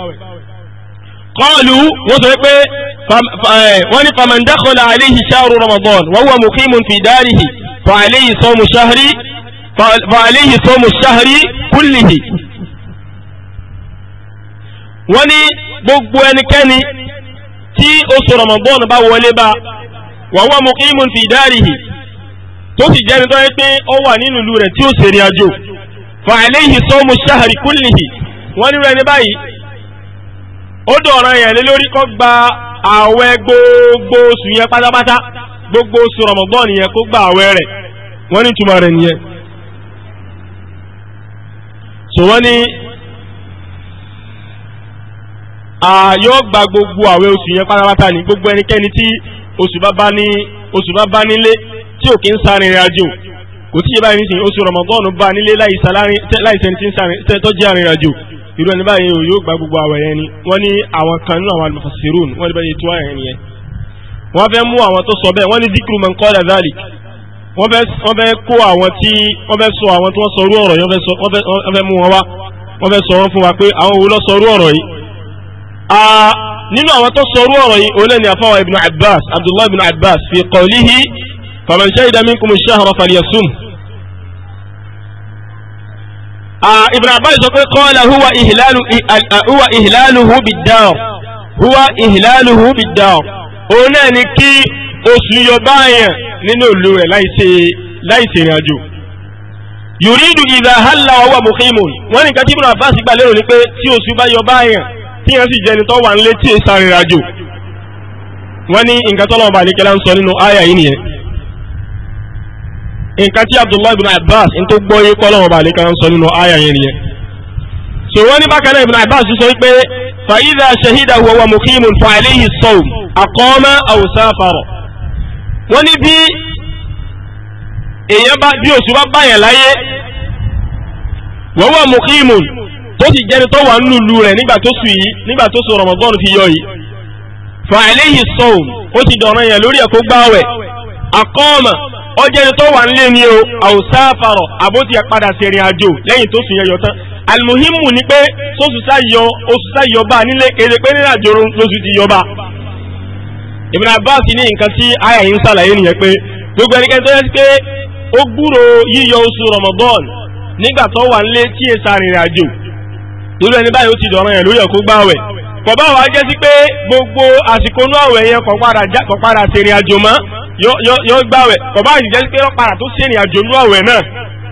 S1: kọ́ọ̀lù wọ́n sọ pé eh, wọ́n ní famandakola aleyhi shahru ramadan wa huwa muqimun fi darihi fa aleyhi sawmu shahri fa aleyhi sawmu shahri kullihi wọ́n ní gbogbo ẹnikẹ́ni tí oṣù ramadan bá wọlé bá wa huwa muqimun fi darihi tó sì jẹ́ni tó pé ó wà nínú ìlú rẹ̀ tí ó ṣèrìn àjò fa aleyhi sawmu shahri wọ́n nírú ẹni báyìí ó dọ̀ràn yẹn lé lórí kó gba àwẹ̀ gbogbo oṣù yẹn pátápátá gbogbo oṣù Ramadan nìyẹn kó gba àwẹ̀ rẹ̀ wọ́n ní túmọ̀ rẹ̀ nìyẹn so wọ́n ní yóò gba gbogbo àwẹ̀ oṣù yẹn pátápátá ní gbogbo ẹnikẹ́ni tí oṣù bá bá ní oṣù bá bá nílé tí ò kí ń sáré rìn àjò kò tí yẹ báyìí nísìnyí oṣù Ramadan bá nílé láì sẹni tí ń sáré tó jẹ́ àjò irú ẹni báyìí yóò gba gbogbo àwẹ̀ yẹn ni wọ́n ní àwọn kan nínú àwọn almufassirun wọ́n ní báyìí tó wà yẹn nìyẹn wọ́n fẹ́ mú àwọn tó sọ bẹ́ẹ̀ wọ́n ní díkùrù man qala dhalik wọ́n fẹ́ kó àwọn tí wọ́n fẹ́ sọ àwọn tí wọ́n sọ orú ọ̀rọ̀ yẹn wọ́n fẹ́ mú wọn wá wọ́n fẹ́ sọ wọn fún wa pé àwọn wo ló sọ orú ọ̀rọ̀ yìí nínú àwọn tó sọ orú ọ̀rọ̀ yìí olè ní afáwọn ibn abbas abdullahi ibn abbas fi qawlihi faman shahida minkum ash-shahra falyasum Ah, Ibn Abbas sọ pé qala huwa ihlalu huwa ihlaluhu bid-dar huwa ihlaluhu bid-dar òun náà ni kí oṣù yọ báyẹn nínú ìlú rẹ̀ láìsí ìrìn àjò yuridu idha halla wa huwa muqimun wọ́n tí Ibn Abbas gbà lérò ni pé tí oṣù bá yọ báyẹn tí yẹn sì jẹni tó wà ń lé tí èsà ìrìn àjò wọ́n ní nǹkan tọ́lọ́mọba ń sọ nínú áyà yìí nìyẹn nǹkan tí abdullahi ibn abbas ń tó gbọ́ yé kọ́lọ́wọ́ bá lè kan sọ nínú àyà yẹn nìyẹn so wọ́n ní bákan náà ibn abbas sọ wípé fàyídà ṣahida wọ̀wọ̀ mukimun fa alayhi sawm aqama aw safara wọ́n ní bí èèyàn bá bí oṣù bá báyàn láyé wọ́wọ́ mukimun tó sì jẹ́ni tó wà nùlù rẹ̀ nígbà tó sùn yìí nígbà tó sùn ramadan fi yọ yìí fa alayhi ó ti dọ̀ràn yẹn lórí ẹ̀kọ́ gbáwẹ̀ aqama ọjẹ́ ẹni tó wà nílé o àwòsáfàrọ̀ àbótí padà sí ìrìn àjò lẹ́yìn tó sùn yẹyọ tán alimuhimu ni pé sóṣùṣà yọ oṣùṣà yọba nílé kéde pé àjò ti yọba Ibn Abbas ní nǹkan tí aya yìí ń ṣàlàyé nìyẹn pé gbogbo ẹnikẹ́ni ya yẹ pé ó gbúrò yíyọ oṣù nígbà tó wà nílé tí èsà rìnrìn àjò lórí ẹni báyìí ó ti dọ̀rọ̀ yẹn wa jẹ́ gbogbo àsìkò inú àwẹ̀ yẹn kọ̀ padà sí ìrìn àjò yọ gbàwẹ̀ kọ̀bá ìjẹ́ pé ọ̀pàrà tó ṣe ìrìnàjò ní ọ̀wẹ̀ náà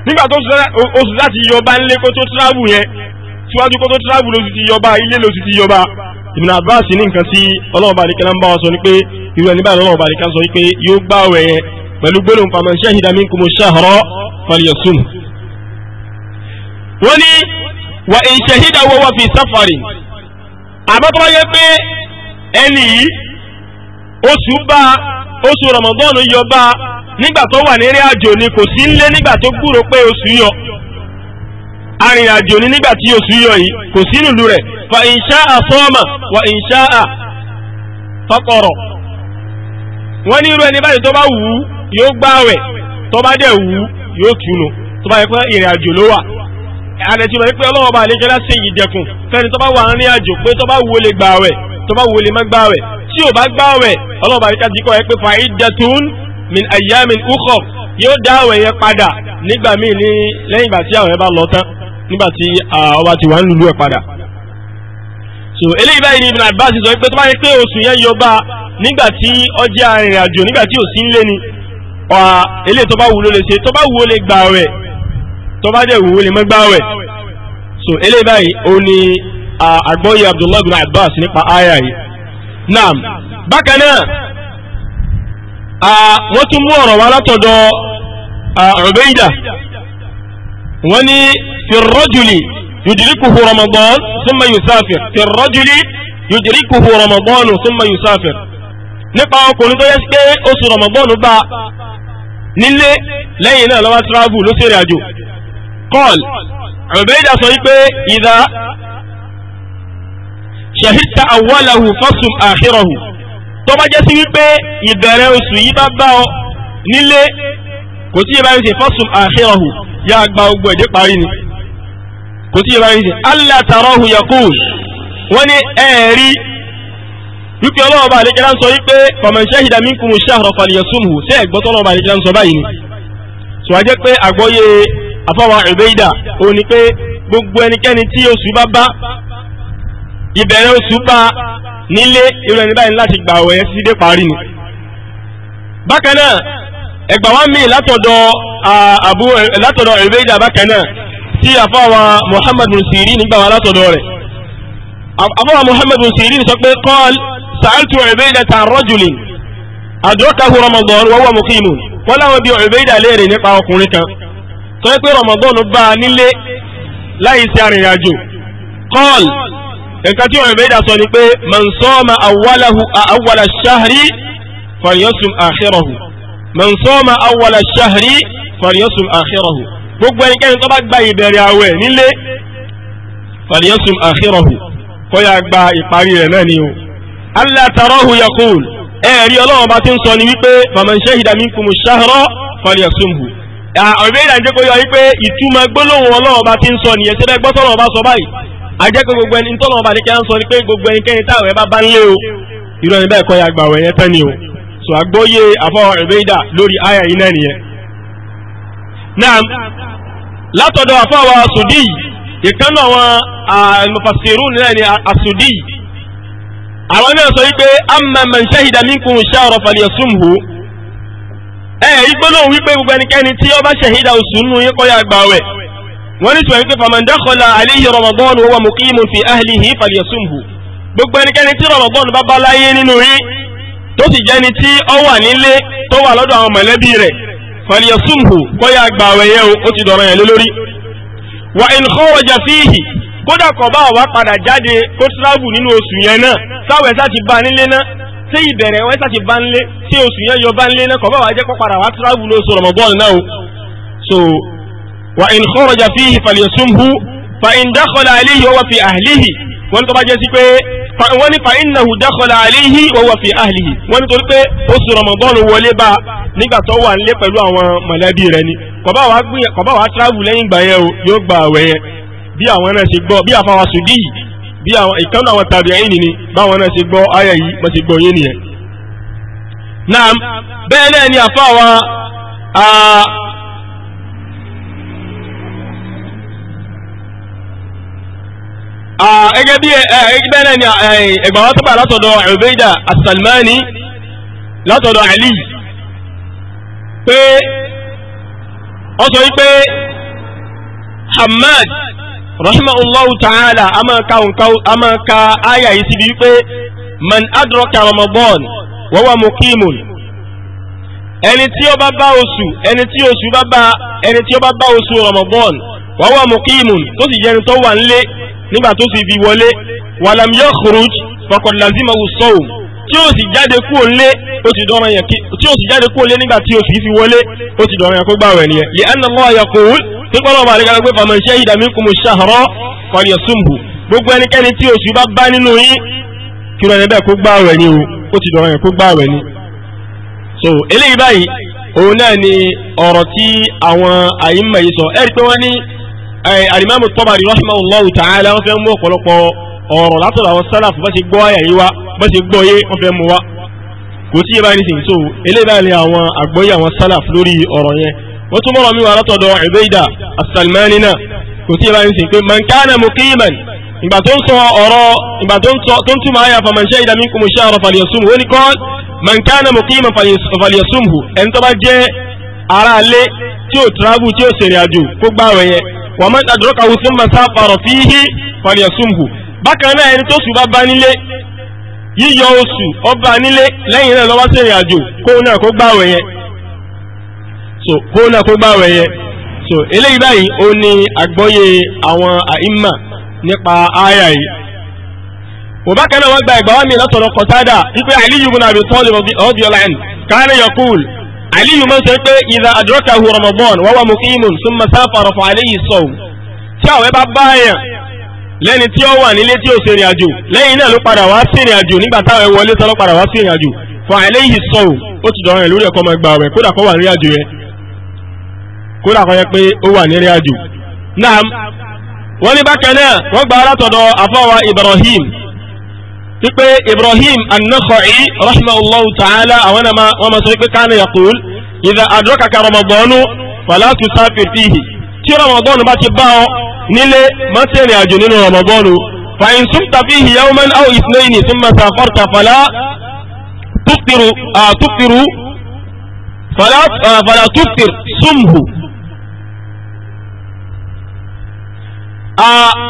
S1: nígbà tó oṣù láti yọba nílé kó tó tíráàbù yẹn síwájú kó tó tíráàbù lóṣù ti yọba ilé lóṣù ti yọba Ibn Abbas ní nǹkan tí Ọlọ́run bá nìkan ń bá wa sọ ni pé irú ẹni báyìí sọ pé yóò yẹn pẹ̀lú ẹni yìí oṣù bá oṣù Ramadan yọba bá nígbà tó wà nírìn àjò ni kò sí nlé nígbà tó gbúrò pé oṣù yọ arìnrìnàjò ni nígbà tí oṣù yọ yìí kò sí rẹ pa fa insha'a sọ́ọ̀mà wa insha'a faqara wọ́n ní irú ẹni báyìí tó bá wù ú yóò gbààwẹ̀ tó bá dẹ̀ wù ú yóò túnu tó bá yẹ pé ìrìnàjò ló wà àdẹ̀tí lọ wípé ọlọ́wọ́ bá àlejò láti ṣe ìdẹ̀kùn tó bá wọlé má gbààwẹ̀ tí ò bá gbààwẹ̀ ọlọ́run bá rí kájí kọ́ ẹ pé fa iddatun min ayyamin ukhar yóò dá àwẹ̀ yẹn padà nígbà míì ní lẹ́yìn ìgbà tí àwẹ̀ bá lọ tán nígbà tí ọba ti wà ń lulú ẹ̀ padà. so eléyìí báyìí ni Ibn Abbas sọ pé tó bá yẹ pé oṣù yẹn yọ bá nígbà tí ọjà arìnrìn àjò nígbà tí ò sí nílé ni eléyìí tó bá wù ló lè ṣe tó bá wù ó lè gbààwẹ̀ tó bá dẹ̀ wù ó lè má gbààwẹ̀ so eléyìí báyìí ó ní àgbọ́yé abdullahi bin abbas nípa aya yìí naam bákan náà wọ́n tún mú ọ̀rọ̀ wá látọ̀dọ̀ Ubayda wọ́n ní fi rajuli yudrikuhu ramadan thumma yusafir fi rajuli yudrikuhu ramadan thumma yusafir nípa ọkùnrin tó yẹ sí pé oṣù ramadan bá nílé lẹ́yìn náà ló wá travel ló ṣèrìn àjò kọ́ọ̀lù Ubayda sọ wípé ìdá ṣahidta awwalahu fasum akhirahu tó bá jẹ́ sí wípé ìbẹ̀rẹ̀ oṣù yìí bá bá ọ nílé kò tí ìbáyìí ṣe fasum akhirahu yá gba gbogbo èdè parí ni kò tí ìbáyìí ṣe alla tarahu yaqul wọ́n ní ẹ̀ẹ̀rí wípé ọlọ́ọ̀bà àdékẹ́lá ń sọ wípé faman shahida minkumu shahra falyasumhu sí ẹ̀gbọ́n ìbẹ̀rẹ̀ oṣù bá nílé irú ẹni báyìí láti gbà ọ̀wẹ̀ yẹn sídé parí ni. bákan náà ẹgbà wá míì látọ̀dọ̀ àbú látọ̀dọ̀ ìrẹ́jà bákan náà tí àfọwà muhammadu siri nígbà wá látọ̀dọ̀ rẹ̀ àfọwà muhammadu siri sọ pé kọ́l sàáltù ìrẹ́jà ta rọ́jùlì àdúrókàhù ramadan wọ́wọ́ mukimu wọ́n láwọn bí ìrẹ́jà léèrè nípa ọkùnrin kan tó yẹ pé ramadan bá nílé láì sí arìnrìn àjò nǹkan tí wọ́n ìbéèdà sọ ni pé man sọ́ọ̀mà awwala shahri falyasum akhirahu man sọ́ọ̀mà awwala shahri falyasum akhirahu gbogbo ẹnikẹ́ni tó bá gba ìbẹ̀rẹ̀ àwẹ̀ nílé falyasum akhirahu kó yá gba ìparí rẹ̀ náà ni o alla tarahu ẹ̀rí ọlọ́run bá ti ń sọ ni wípé faman shahida minkumu shahra falyasumhu ọ̀rẹ́ ìdàjẹ́kọ̀ọ́ yọ wípé ìtumọ̀ gbólóhùn ọlọ́run bá ti ń sọ nìyẹn ṣẹ́dẹ́gbọ́sọ̀rọ̀ bá sọ báyìí ajẹ́ pé gbogbo ẹni tọ́lọ́ ọba àdékẹ́ ń sọ ni pé gbogbo ẹnikẹ́ni táwẹ̀ bá bá ń lé o irú ẹni bẹ́ẹ̀ kọ́ ya gbà wẹ̀yẹ tán ni o so àgbóyè àfọwọ́ ìbéyìdà lórí àyà yìí náà nìyẹn. náà látọ̀dọ̀ àfọwọ́ sùdí ìkan náà wọn àlùfàṣẹ̀rù náà ni àsùdí àwọn náà sọ wípé amma man shahida minkum shahra falyasumhu ẹ̀ ìgbóná wípé gbogbo ẹnikẹ́ni tí ó bá shahida oṣù nù wọ́n ní tùwẹ̀ pé faman dakhala alayhi Ramadan wa huwa muqimun fi ahlihi falyasumhu gbogbo ẹnikẹ́ni tí Ramadan bá bá láyé nínú rí tó sì jẹ́ni tí ó wà nílé tó wà lọ́dọ̀ àwọn mọ̀lẹ́bí rẹ̀ falyasumhu kó yá gba àwẹ̀ yẹn o ó ti dọ̀rọ̀ yẹn lé lórí. wa in kharaja fihi kódà kọ̀ bá wà padà jáde kó tíráàbù nínú oṣù yẹn náà sáwẹ̀ sá ti bá nílé náà tí ìbẹ̀rẹ̀ wẹ́sà ti وإن خرج فيه فليصمه فإن دخل عليه وهو في أهله wọ́n tó bá jẹ́ sí pé wọ́n ní fa innahu dakhala alayhi wa huwa fi ahlihi wọ́n ní torí pé oṣù Ramadan wọlé bá nígbà tó wà nílé pẹ̀lú àwọn mọ̀lẹ́bí rẹ̀ ni kò bá travel lẹ́yìn ìgbà yẹn o yóò gba àwẹ̀ yẹn bí àwọn náà ṣe gbọ́ bí àfàwọn sùdí yìí bí ìkànnì àwọn tabi'in ni báwọn náà ṣe gbọ́ ayẹ yìí wọ́n ṣe gbọ́ yé nìyẹn. Ah, gẹ́gẹ́ bí eh, eh, ẹgbẹ́ náà ni ẹgbà wá tọ́bà látọ̀dọ̀ Ubaida as-Salmani látọ̀dọ̀ Ali pé ọ sọ wípé Hammad rahimahullahu ta'ala a máa ka áyà yìí síbi wípé man adraka Ramadan wa huwa muqimun ẹni tí ó bá bá oṣù ẹni tí oṣù bá bá ẹni tí ó bá bá oṣù Ramadan wa huwa muqimun tó sì jẹ́ni tó wà nílé nígbà tó sì fi wọlé wàlàm yóò khuruj fọkàn lazima wù sọ́wọ́ tí ó sì jáde kúrò lé ó ti dọ̀rọ̀ yẹn tí ó sì jáde kúrò lé nígbà tí ó sì fi wọlé ó ti dọ̀rọ̀ yẹn kó gbàwẹ̀ nìyẹn lè ẹnna mọ́ ọ̀yà kò wú tó gbọ́dọ̀ bá àríkàlẹ̀ pé faman shahida minkumu shahra falyasumhu gbogbo ẹnikẹ́ni tí oṣù bá bá nínú yín kí ló ẹni bẹ́ẹ̀ kó gbàwẹ̀ ni so eléyìí báyìí òun náà ni ọ̀rọ̀ tí ní alimami Tabari rahimahullahu ta'ala wọ́n fẹ́ mú ọ̀pọ̀lọpọ̀ ọ̀rọ̀ látọ̀dọ̀ àwọn sálàf bá ti gbọ́ àyà yìí wá bá ti gbọ́ yé wọ́n fẹ́ mú wá kò sí yẹ báyìí nísìnyí so eléyìí ni àwọn àgbọ́yé àwọn sálàf lórí ọ̀rọ̀ yẹn wọ́n tún mọ̀rọ̀ mi wà látọ̀dọ̀ Ubaida as-Salmani náà kò sí yẹ báyìí nísìnyí pé man kana muqiman ìgbà tó ń sọ ọ̀rọ̀ ìgbà tó ń túmọ̀ àyà fa man shahida tí ó travel tí ó ṣèrìn àjò kó gbààwẹ̀ yẹn wa man adrakahu thumma safara fihi falyasumhu bákan náà ẹni tó sùn bá bá nílé yíyọ oṣù ọba nílé lẹ́yìn náà lọ́wọ́ ṣèrìn àjò kóun náà kó gbààwẹ̀ yẹn so náà kó so eléyìí báyìí ó ní àgbọ́yé àwọn àìmà nípa àyà yìí وبكنا وقت بقوامي نصر قتادة يقول علي بن أبي طالب aliyu máa ń sọ pé ìdá àdúrókà hu ramadan wà wà muqimun summa sáfàrọ̀ fún alẹ́ yìí sọ̀wù tí àwẹ̀ bá báyàn lẹ́ni tí ó wà nílé tí ó ṣe ìrìn àjò lẹ́yìn náà ló padà wá sí ìrìn àjò nígbà táwọn wọlé sọ ló padà wá sí ìrìn àjò fún alẹ́ yìí ó ti dọ̀rọ̀ rẹ̀ lórí ẹ̀kọ́ ọmọ ẹgbàá rẹ̀ kódà kó wà ní ìrìn àjò yẹn kódà kó yẹ pé ó wà ní ìrìn àjò. naam wọ́n ní bákan náà wọ́n gba wípé Ibrahim an-Nakhai rahimahullahu ta'ala àwọn náà wọ́n máa sọ wípé kánà yaqul idha adrakaka Ramadanu fala tusafir fihi tí Ramadanu bá ti bá ọ nílé má ṣe rìn àjò nínú Ramadanu fa in sumta fihi yawman aw ithnaini thumma safarta fala
S2: tuftiru tuftiru fala tuftir sumhu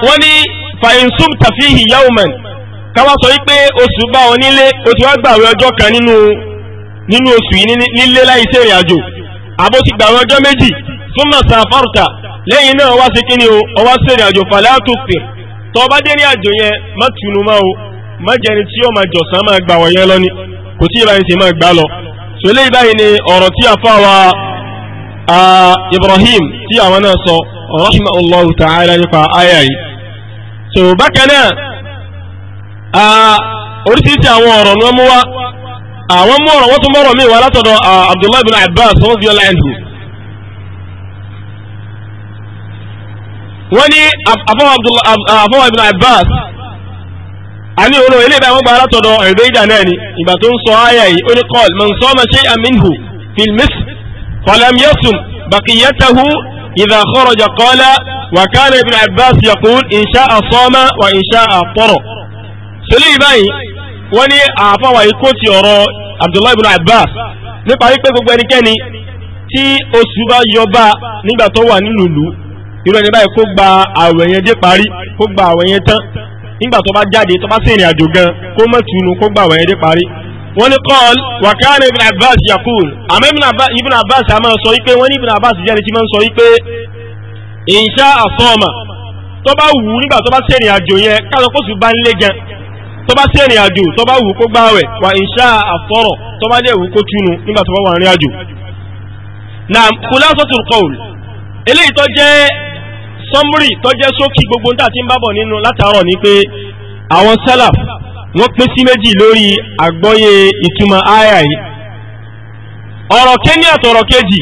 S2: wọ́n ní
S1: fa in sumta káwá sọ wípé oṣù bá ọ nílé oṣù wá gbàwé ọjọ́ kan nínú nínú oṣù yìí nílé láì ṣe ìrìn àjò àbó ti gbàwé ọjọ́ méjì súnmọ̀ sàfàrùtà lẹ́yìn náà wá sí kíni o ọwá ṣe ìrìn àjò fàlẹ́ àtúnṣe tó bá dé ní àjò yẹn má tunu má o má jẹni tí yóò máa jọ̀sán máa gbà wọ̀nyẹn lọ ni kò tí ìbáyìí ti máa gbà lọ. sọlẹ́ ìbáyìí ni ọ̀rọ̀ tí a fà wá Ibrahim tí àwọn náà sọ rahimahullahu ta'ala nípa àyà yìí. sọ bákan náà oríṣiríṣi àwọn ọ̀rọ̀ ni wọ́n mú wá àwọn mú ọ̀rọ̀ wọ́n tún mọ̀rọ̀ mi wá látọ̀dọ̀ Abdullahi bin Abbas wọ́n fi ọlá ẹ̀dùn. wọ́n ní àfọwọ́ ibn Abbas a ní olóò ilé ìbáwọn gbára tọ̀dọ̀ ẹ̀rẹ́dà náà ni ìgbà tó ń sọ ayà yìí ó ní kọ́ọ̀lù man sọ́ọ́mà shay'an minhu fil misr falam yasum baqiyatahu idha kharaja qala wa kana ibn Abbas yaqul in sha'a sama wa in sha'a tara eléyìí báyìí wọ́n ní àfáwà yìí kó ti ọ̀rọ̀ Abdullahi ibn Abbas nípa wípé gbogbo ẹnikẹ́ni tí oṣù bá yọ bá nígbà tó wà nínú ìlú irú ẹni báyìí kó gba àwẹ̀ yẹn dé parí kó gba àwẹ̀ yẹn tán nígbà tó bá jáde tó bá sí ìrìn àjò gan kó mọ̀ tunu kó gba àwẹ̀ yẹn dé parí. wọ́n ní qal wa kana ibn Abbas yakul àmọ́ ibn Abbas a máa sọ wípé wọ́n ní ibn Abbas jáde tí máa ń sọ wípé insha asoma tó bá wù nígbà tó bá sí ìrìn àjò yẹn káàtó kó bá ń lé gan tó bá sí ìrìn àjò tó bá wù kó gbààwẹ̀ wà ìṣá àfọ́rọ̀ tó bá dẹ̀ wù kó túnu nígbà tó bá wà rìn àjò. na khulasatul qawl eléyìí tó jẹ́ sọmúrì tó jẹ́ sókì gbogbo níta tí ń bábọ̀ nínú látàárọ̀ ni pé àwọn salaf wọ́n pín sí méjì lórí àgbọ́yé ìtumọ̀ àyà yìí ọ̀rọ̀ kéní àtọ̀rọ̀ kejì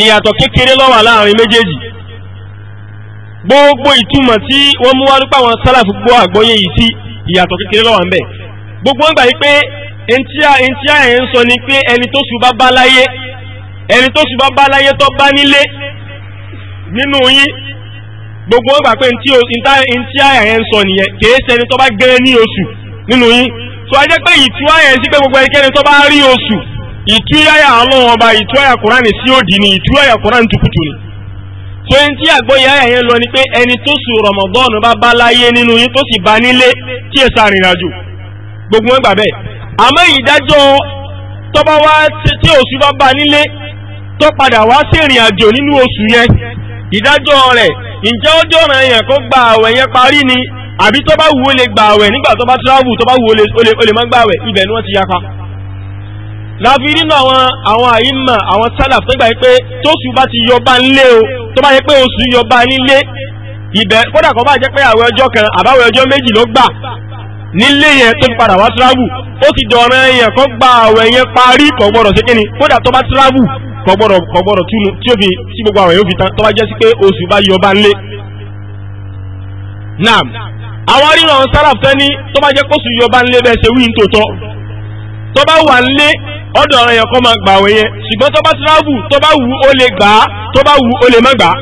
S1: ìyàtọ̀ kékeré ló láàrin méjèèjì gbogbo ìtumọ̀ tí wọ́n mú wá nípa àwọn salaf gbọ́ àgbọ́yé yìí sí ìyàtọ̀ kékeré lọ́wọ́ ń bẹ̀ gbogbo ń gbà yí pé ẹntíà ẹntíà ẹ̀ ń sọ ni pé ẹni tó ṣùbá bá láyé ẹni tó ṣùbá bá láyé tó bá nílé nínú yín gbogbo ń gbà pé ẹntíà ẹ̀ ń sọ nìyẹn kìí ṣẹni tó bá gẹ́rẹ́ ní oṣù nínú yín tó a jẹ́ pé ìtú ayẹ̀ sí pé gbogbo ẹnikẹ́ni tó bá rí oṣù ìtú ayà ọlọ́run ọba ìtú ayà kùránì sí òdì ni ìtú ayà kùránì tukutu ni so ẹni tí àgbọ́yé ayà yẹn lọ ni pé ẹni tó sùn rọmọdọ́ọ̀nù bá bá láyé nínú yín tó sì bá nílé tí ẹ sá rìnrìn àjò gbogbo wọn gbà bẹ́ẹ̀ àmọ́ ìdájọ́ tọ́ba wá tí oṣù bá bá nílé tó padà wá sí ìrìn àjò nínú oṣù yẹn ìdájọ́ rẹ̀ ǹjẹ́ ó jọ̀ràn èèyàn kó gba àwẹ̀ yẹn parí ni àbí tó bá wù gba àwẹ̀ nígbà tó tíráàbù tó bá wù má gba àwẹ̀ ibẹ̀ ni wọ́n ti yapa láfi nínú àwọn àwọn àyímọ̀ àwọn sálàf tó gbà yí pé tóṣù bá ti yọba nílé o tó bá yẹ pé oṣù yọba nílé ibẹ̀ kódà kó bá jẹ́ pé àwẹ̀ ọjọ́ kan àbáwẹ̀ ọjọ́ méjì ló gbà nílé yẹn tó fi padà wá tíráàbù ó ti dọ̀rọ̀ yẹn kó gba àwẹ̀ yẹn parí kò gbọ́dọ̀ sí kíni kódà tó bá tíráàbù kò gbọ́dọ̀ kò gbọ́dọ̀ túnu tí ó fi tí gbogbo àwẹ̀ yóò fi tán tó bá jẹ́ sí pé oṣù bá yọba nílé. àwọn arìnrìn àwọn sálàf ní tó bá jẹ́ kóṣù yọba nílé bẹ́ẹ̀ ṣe wí ní tòótọ́ tó bá wà nílé ọ̀dọ̀ ọ̀rọ̀ yẹn kọ́ máa gbà wẹ̀ yẹn ṣùgbọ́n tó bá tíráàbù tó bá wù ó lè gbà á tó bá wù ó lè má gbà á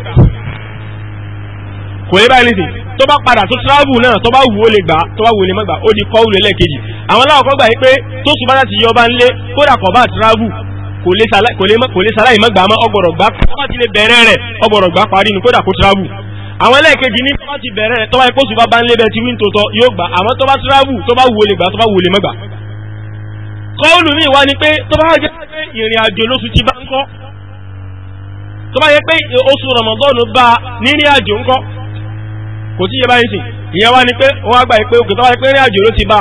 S1: kò lè báyìí nìsín tó bá padà tó tíráàbù náà tó bá wù ó lè gbà á tó bá wù ó lè má gbà á ó di kọ́ wùlé lẹ́ẹ̀kejì àwọn aláwọ̀ kọ́ gbà yìí pé tó tún bá láti yọ ọba nílé kódà kọ́ bá tíráàbù kò lè ṣaláì má gbà á mọ́ àwọn ẹlẹ́ẹ̀kejì ní tọ́wá ti bẹ̀rẹ̀ tọ́wá ikóṣù bá bá ń lé bẹ́ẹ̀ tí wíńtò tọ́ yóò gbà àmọ́ tọ́wá tíráàbù tó bá lè gbà tó bá lè má gbà kọ́ọ̀lù mi wá ni pé tó bá jẹ́ pé ìrìn àjò lóṣù ti bá ń kọ́ tó bá yẹ pé oṣù rọmọgọ́nù bá nírìn àjò ń kọ́ kò tí yẹ báyìí sìn ìyẹn wá ni pé ó wá gbà pé òkè tó bá yẹ pé ìrìn àjò ló ti bá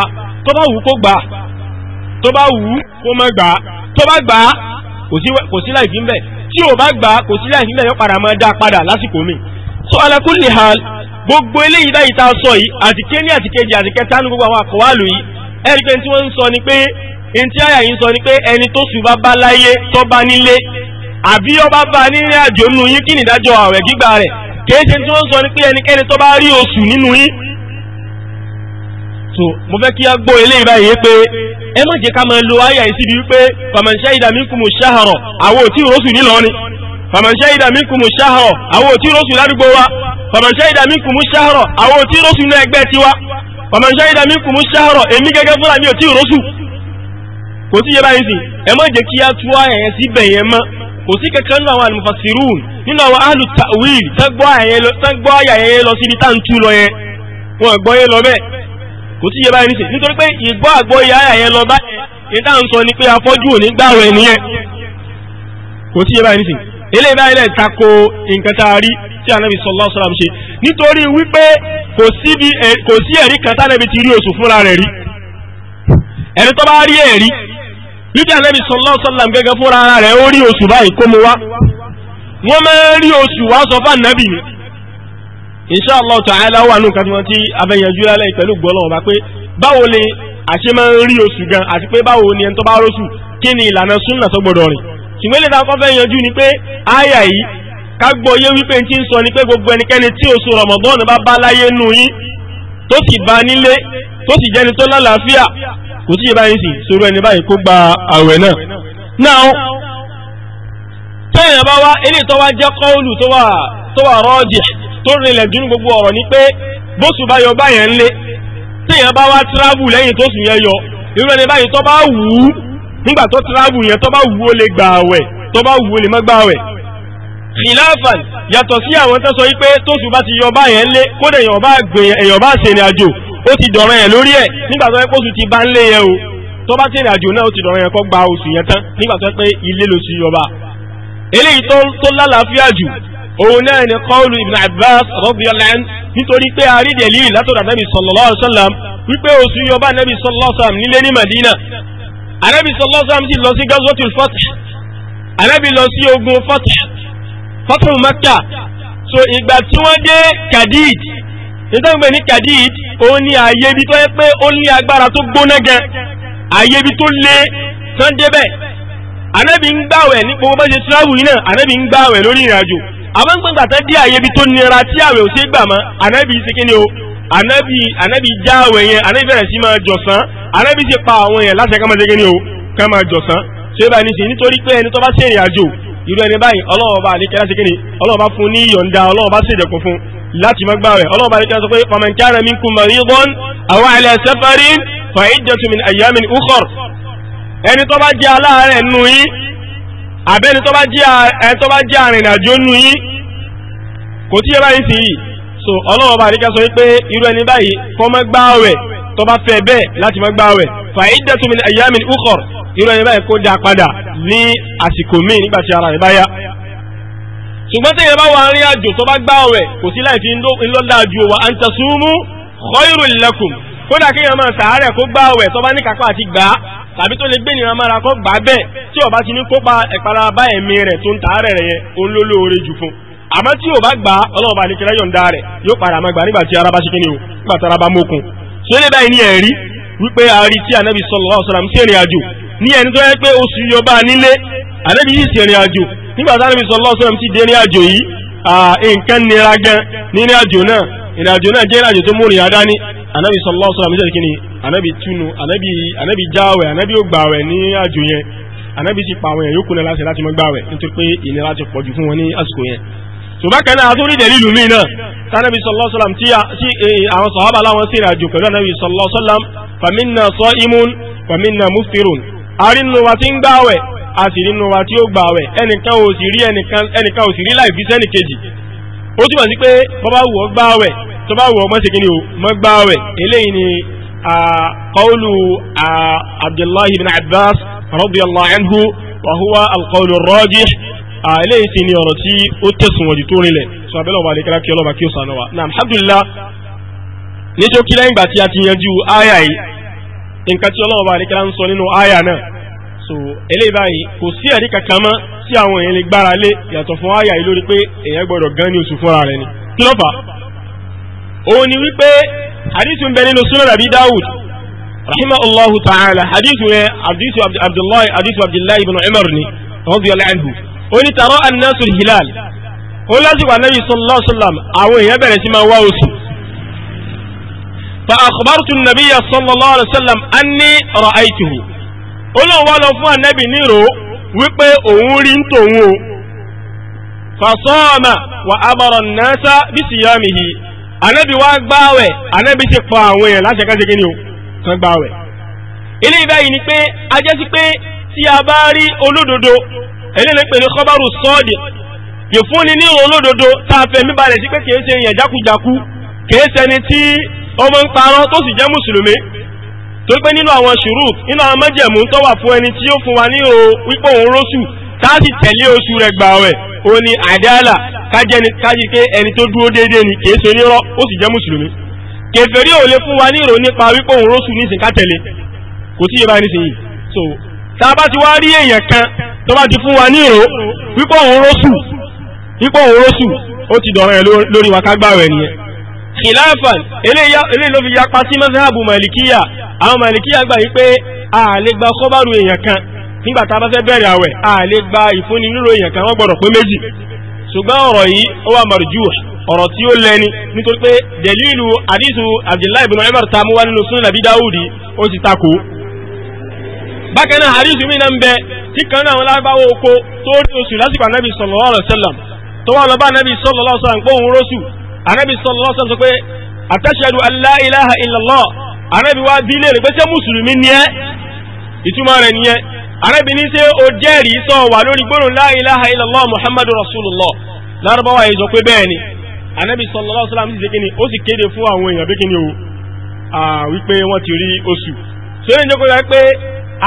S1: tó so ala hal gbogbo eléyìí báyìí tá a sọ yìí àti kéní àti kejì àti kẹta ní gbogbo àwọn àkọwálù yìí ẹ̀rí pé tí wọ́n ń ni pé ntí àyà yìí sọ ni pé ẹni tó sùn bá bá láyé tó bá nílé àbí ọba bá nílé àjò nù yín kí nìdájọ́ ààwẹ̀ gbígbà rẹ̀ kìí ṣe tí wọ́n sọ ni pé ẹnikẹ́ni tó bá rí oṣù nínú yín. so mo fẹ́ kí a gbọ́ eléyìí báyìí pé ẹ má jẹ́ ká máa lo àyà yìí síbi wípé fàmọ̀ṣẹ́ ìdàmínkùmù ṣáhàrọ̀ àwọn òtí ìrọ́sù nílọrin fàmọ̀ṣẹ́ ìdàmínkùmù ṣáhàrọ̀ àwọn òtí ìrọ́sù ládùúgbò wa fàmọ̀ṣẹ́ ìdàmínkùmù ṣáhàrọ̀ àwọn òtí ìrọ́sù náà ẹgbẹ́ tiwa fàmọ̀ṣẹ́ ìdàmínkùmù ṣáhàrọ̀ èmi gẹ́gẹ́ fúnra mi òtí ìrọ́sù kò sí yẹ báyìí sí ẹ má jẹ́ kí á tú àyẹ̀yẹ sí bẹ̀ yẹn mọ́ kò sí kankan nínú àwọn almufassirun nínú àwọn ahlu ta'wil tẹ́gbọ́ àyẹ̀yẹ lọ síbi tá à ń tú lọ yẹn wọn gbọ́ yẹn lọ bẹ́ẹ̀ kò sí yẹ báyìí sí nítorí pé ìgbọ́ àgbọ́ ìyá àyẹ̀yẹ lọ bá yẹn tá à ń sọ ni pé afọ́jú ò ní gbà wẹ̀ nìyẹn kò sí yẹ báyìí sí eléyìí báyìí lẹ̀ tako nǹkan tí anabi sallallahu alaihi wasallam ṣe nítorí wípé kò sí ẹ̀rí kan tá anabi ti rí oṣù fúnra rẹ̀ rí ẹ̀rí tó bá rí ẹ̀rí bíbí ànábì sallallahu sallam gẹ́gẹ́ fúnra ara rẹ̀ ó rí oṣù báyìí kó mu wá wọ́n máa rí oṣù wá sọ fún ànábì ni insha Allah ta'ala wà nù kàtí wọn tí abẹ́yẹnjú lálẹ́ pẹ̀lú gbọ́lọ̀ ọba pé báwo ni àṣẹ máa ń rí oṣù gan àti pé báwo ni ẹni bá róṣù kí ni ìlànà súnà tó gbọdọ̀ rìn ṣùgbọ́n lè ta fẹ́ yanjú ni pé àyà yìí ká yé wípé ti ń sọ ni pé gbogbo ẹnikẹ́ni tí oṣù Ramadan bá bá láyé nù yín tó sì bá nílé tó sì jẹ́ni tó lálàáfíà kò sí ìbáyé sí sórú ẹni báyìí kó gba àwẹ̀ náà náà tẹ́yìn bá wá ilé tó wá jẹ́ kọ́ọ̀lù tó wà tó tó rinlẹ̀ dúnú gbogbo ọ̀rọ̀ ni pé bóṣù bá yọ báyẹn ń lé tẹ́yìn bá wá tíráàbù lẹ́yìn tó sùn yẹn yọ irú ẹni báyìí tó bá wù ú nígbà tó tíráàbù yẹn tó bá wù ó lè gbà àwẹ̀ tó bá wù ó lè má àwẹ̀ khilafan yàtọ̀ sí àwọn tó sọ wípé tóṣù bá ti yọ báyẹn lé kódà èèyàn bá ṣe ìrìn àjò ó ti dọ̀rọ̀ yẹn lórí ẹ̀ nígbà tó yẹ kóṣù ti bá ń lé yẹn o tó bá ti ìrìnàjò náà ó ti dọ̀rọ̀ yẹn kó gba oṣù yẹn tán nígbà tó yẹ pé ilé lóṣù yọba eléyìí tó lálàáfíà jù òun náà ni kọ́ọ̀lù ibn abbas radiyallahu anhu nítorí pé àrídẹ̀lì látọ̀dọ̀ nabi sallallahu alaihi wasallam wípé oṣù yọba nabi sallallahu alaihi wasallam nílé ní madina anabi sallallahu alaihi wasallam ti lọ sí gazwatul fath anabi lọ sí ogun fath fath makka so ìgbà tí wọ́n dé kadid ìtọ́gbẹ̀ ní kadid òun ni ààyè ibi tó yẹ pé ó ní agbára tó gbóná gan ààyè ibi tó lé tán débẹ̀ anábì ń gbàwẹ̀ ní gbogbo bẹ́ẹ̀ ṣe tíráwù yìí náà anábì ń gbàwẹ̀ lórí ìrìnàjò àmọ́ngbọ̀ngbà tán dé ààyè tó nira tí àwẹ̀ ò ṣe gbà mọ́ anábì ṣe kí ni o anábì anábì já àwẹ̀ yẹn anábì bẹ̀rẹ̀ sí máa jọ̀sán anábì ṣe pa àwọn yẹn láṣẹ ká máa ṣe kí ni o ká máa jọ̀sán ṣé bá ní ṣe nítorí irú ẹni báyìí ọlọ́wọ́ bá àlékẹ́ láti kéde ọlọ́wọ́ bá fún ní yọ̀ǹda ọlọ́wọ́ bá ṣèdẹ̀kùn fún láti má gbà rẹ̀ ọlọ́wọ́ bá àlékẹ́ sọ pé faman kana minkum maridan aw ala safarin fa iddatu min ayamin ukhar ẹni tó bá jẹ́ aláàárẹ̀ nù yín àbẹ́ni tó bá jẹ́ arìnrìnàjò nù yín kò tí báyìí sí yìí so ọlọ́wọ́ bá àlékẹ́ sọ pé irú ẹni báyìí kó rẹ̀ tó bá fẹ́ bẹ́ẹ̀ láti má gbààwẹ̀ fa iddatu min ayyamin ukhar irú ẹni báyìí kó dá padà ní àsìkò míì nígbà tí ara rẹ̀ bá yá. ṣùgbọ́n tí ìyẹn bá wà rí àjò tó bá gbààwẹ̀ kò sí láì fi ńlọ́dà ju wa an tasumu khairul lakum kódà kí èèyàn máa sàárẹ̀ kó gbààwẹ̀ tó bá ní kápá àti gbà á tàbí tó lè gbé ní amára kó gbà á bẹ́ẹ̀ tí ó ti ní kópa ẹ̀pára bá ẹ̀mí rẹ̀ tó ń tàárẹ̀ rẹ̀ yẹn olólóore jù fún àmọ́ tí ò bá gbà á ọlọ́ọ̀bá ní kíláyọ̀ ń dá rẹ̀ yóò padà máa gbà nígbà tí ara bá ṣe kí ni o nígbà tí ara bá mókun sólè báyìí ní ẹ̀rí wípé àárí tí anabi sallallahu alaihi wasallam sí ìrìn àjò ní ẹni tó yẹ pé oṣù yọba nílé anabi yìí sí ìrìn àjò nígbà tí anabi sallallahu alaihi wasallam ti ìrìn àjò yìí nǹkan nira gan ní ìrìn àjò náà ìrìn àjò náà jẹ́ ìrìn àjò tó mú ìrìn àdá ní anabi sallallahu alaihi wasallam kí ni anabi túnu anabi jáwẹ̀ anabi ó gbàwẹ̀ ní àjò yẹn anabi ti pa àwọn èèyàn yókù náà láti láti mọ́ gbàwẹ̀ nítorí pé ìnira ti pọ̀jù fún wọn ní àsìkò yẹn ṣùgbọ́n náà tó rí dẹ̀lílù mí náà tánàbí sọlọ́sọ́lám tí eh, eh, àwọn sọ̀hábà láwọn sí ìrìnàjò pẹ̀lú ànàbí sọlọ́sọ́lám fàmínà sọ imun fàmínà muftirun arínú wa tí ń gbáwẹ̀ a sì rínú wa tí ó gbáwẹ̀ ẹnìkan ò sì rí ẹnìkan ò sì rí láì fi sẹ́nì kejì ó túmọ̀ sí pé bọ́ bá wù ọ́ gbáwẹ̀ tó bá wù ọ́ mọ́ sèkínì o mọ́ gbáwẹ̀ eléyìí ni qawlu Abdullahi bin Abbas radiyallahu anhu wa huwa al-qawlu eléyìí sì ni ọ̀rọ̀ tí ó tẹ̀sùnwọ̀n jù tó rinlẹ̀ sọ abẹ́lẹ̀ ọba àdékẹ́lá kí ọlọ́ba kí ó sànù wa na alhamdulillah ní tó kí lẹ́yìn ìgbà tí a ti yanjú aya yìí nǹkan tí ọlọ́ba àdékẹ́lá ń sọ nínú aya náà so eléyìí báyìí kò sí ẹ̀rí kankan mọ́ tí àwọn èèyàn lè gbára lé yàtọ̀ fún àyà yìí lórí pé èèyàn gbọ́dọ̀ gan ní oṣù fúnra rẹ̀ ni òun oní tàrọ́ anáṣù hilal ó lásìkò anábì sallallahu alaihi wasallam àwọn èèyàn bẹ̀rẹ̀ sí máa wá oṣù fa akhbartu nabiyya sallallahu alaihi wasallam anni ra'aytuhu ó lọ wá lọ fún anábì nírò wípé òun rí ń tòun o fasọ́ọ̀mà wa amara an-nasa bi siyamihi anábì wá gbáwẹ̀ anábì ti pa àwọn èèyàn láti ẹ̀kọ́ ṣe kan gbáwẹ̀ ilé ìbáyìí ni pé ajẹ́sí pé tí a bá rí olódodo eléyìí pè ní kọ́bárù sọ́ọ̀dì yóò fún ni ní òun lódodo tá a fẹ̀mí balẹ̀ sí pé kìí ṣe èèyàn jákujàku kìí ṣẹni tí ọmọ ń parọ́ tó sì jẹ́ mùsùlùmí tó pé nínú àwọn ṣùrù nínú àwọn májẹ̀mú tó wà fún ẹni tí ó fún wa ní o wípé òun róṣù tá a sì tẹ̀lé oṣù rẹ̀ gbà wẹ̀ ó ní àdáàlà kájí pé ẹni tó dúró déédéé ni kìí ṣe onírọ́ ó sì jẹ́ mùsùlùmí kèfèrí ò lè fún wa ní ìròyìn nípa wípé òun róṣù nísìn tẹ̀lé kò tí yé báyìí nísìnyí so tá a bá ti wá rí èèyàn kan tó bá ti fún wa ní ìró wípé òun rósù wípé òun rósù ó ti dọ̀rọ̀ ẹ̀ lórí wa kágbà rẹ̀ nìyẹn. khilafan eléyìí ló fi yapa sí mọ́sáàbù màlìkíyà àwọn màlìkíyà gbà wípé a lè gba kọ́bárù èèyàn kan nígbà tá a bá fẹ́ bẹ̀rẹ̀ àwẹ̀ a lè gba ìfúnni nírò èèyàn kan wọ́n gbọ́dọ̀ pé méjì ṣùgbọ́n ọ̀rọ̀ yìí ó wà marjú ọ̀rọ̀ tí ó lẹ́ni nítorí pé dẹ̀lílù àdísù Abdullahi ibn Umar ta mú wá nínú Sunan Abi Dawudi ó ti takò bákan náà àdísù mi náà ń bẹ tí kan náà àwọn lábáwọ̀ oko tó rí oṣù lásìkò ànábì sallallahu alaihi wasallam tó wà lọ́ba ànábì sallallahu alaihi wasallam pé òun róṣù ànábì sallallahu alaihi wasallam sọ pé àtàṣàdù alla ilaha illallah ànábì wá bí léèrè pé ṣé mùsùlùmí ni ẹ́ ìtumọ̀ rẹ̀ nìyẹn ànábì ní ṣé o jẹ́rìí sọ wà lórí gbólóhùn la ilaha illallah muhammadu rasulullah lárúbáwá yìí sọ pé bẹ́ẹ̀ ni ànábì sallallahu alaihi wasallam sì ṣe kíni ó sì kéde fún àwọn èèyàn bí o wípé wọ́n ti rí oṣù sóyè ń jẹ́ kó yẹ pé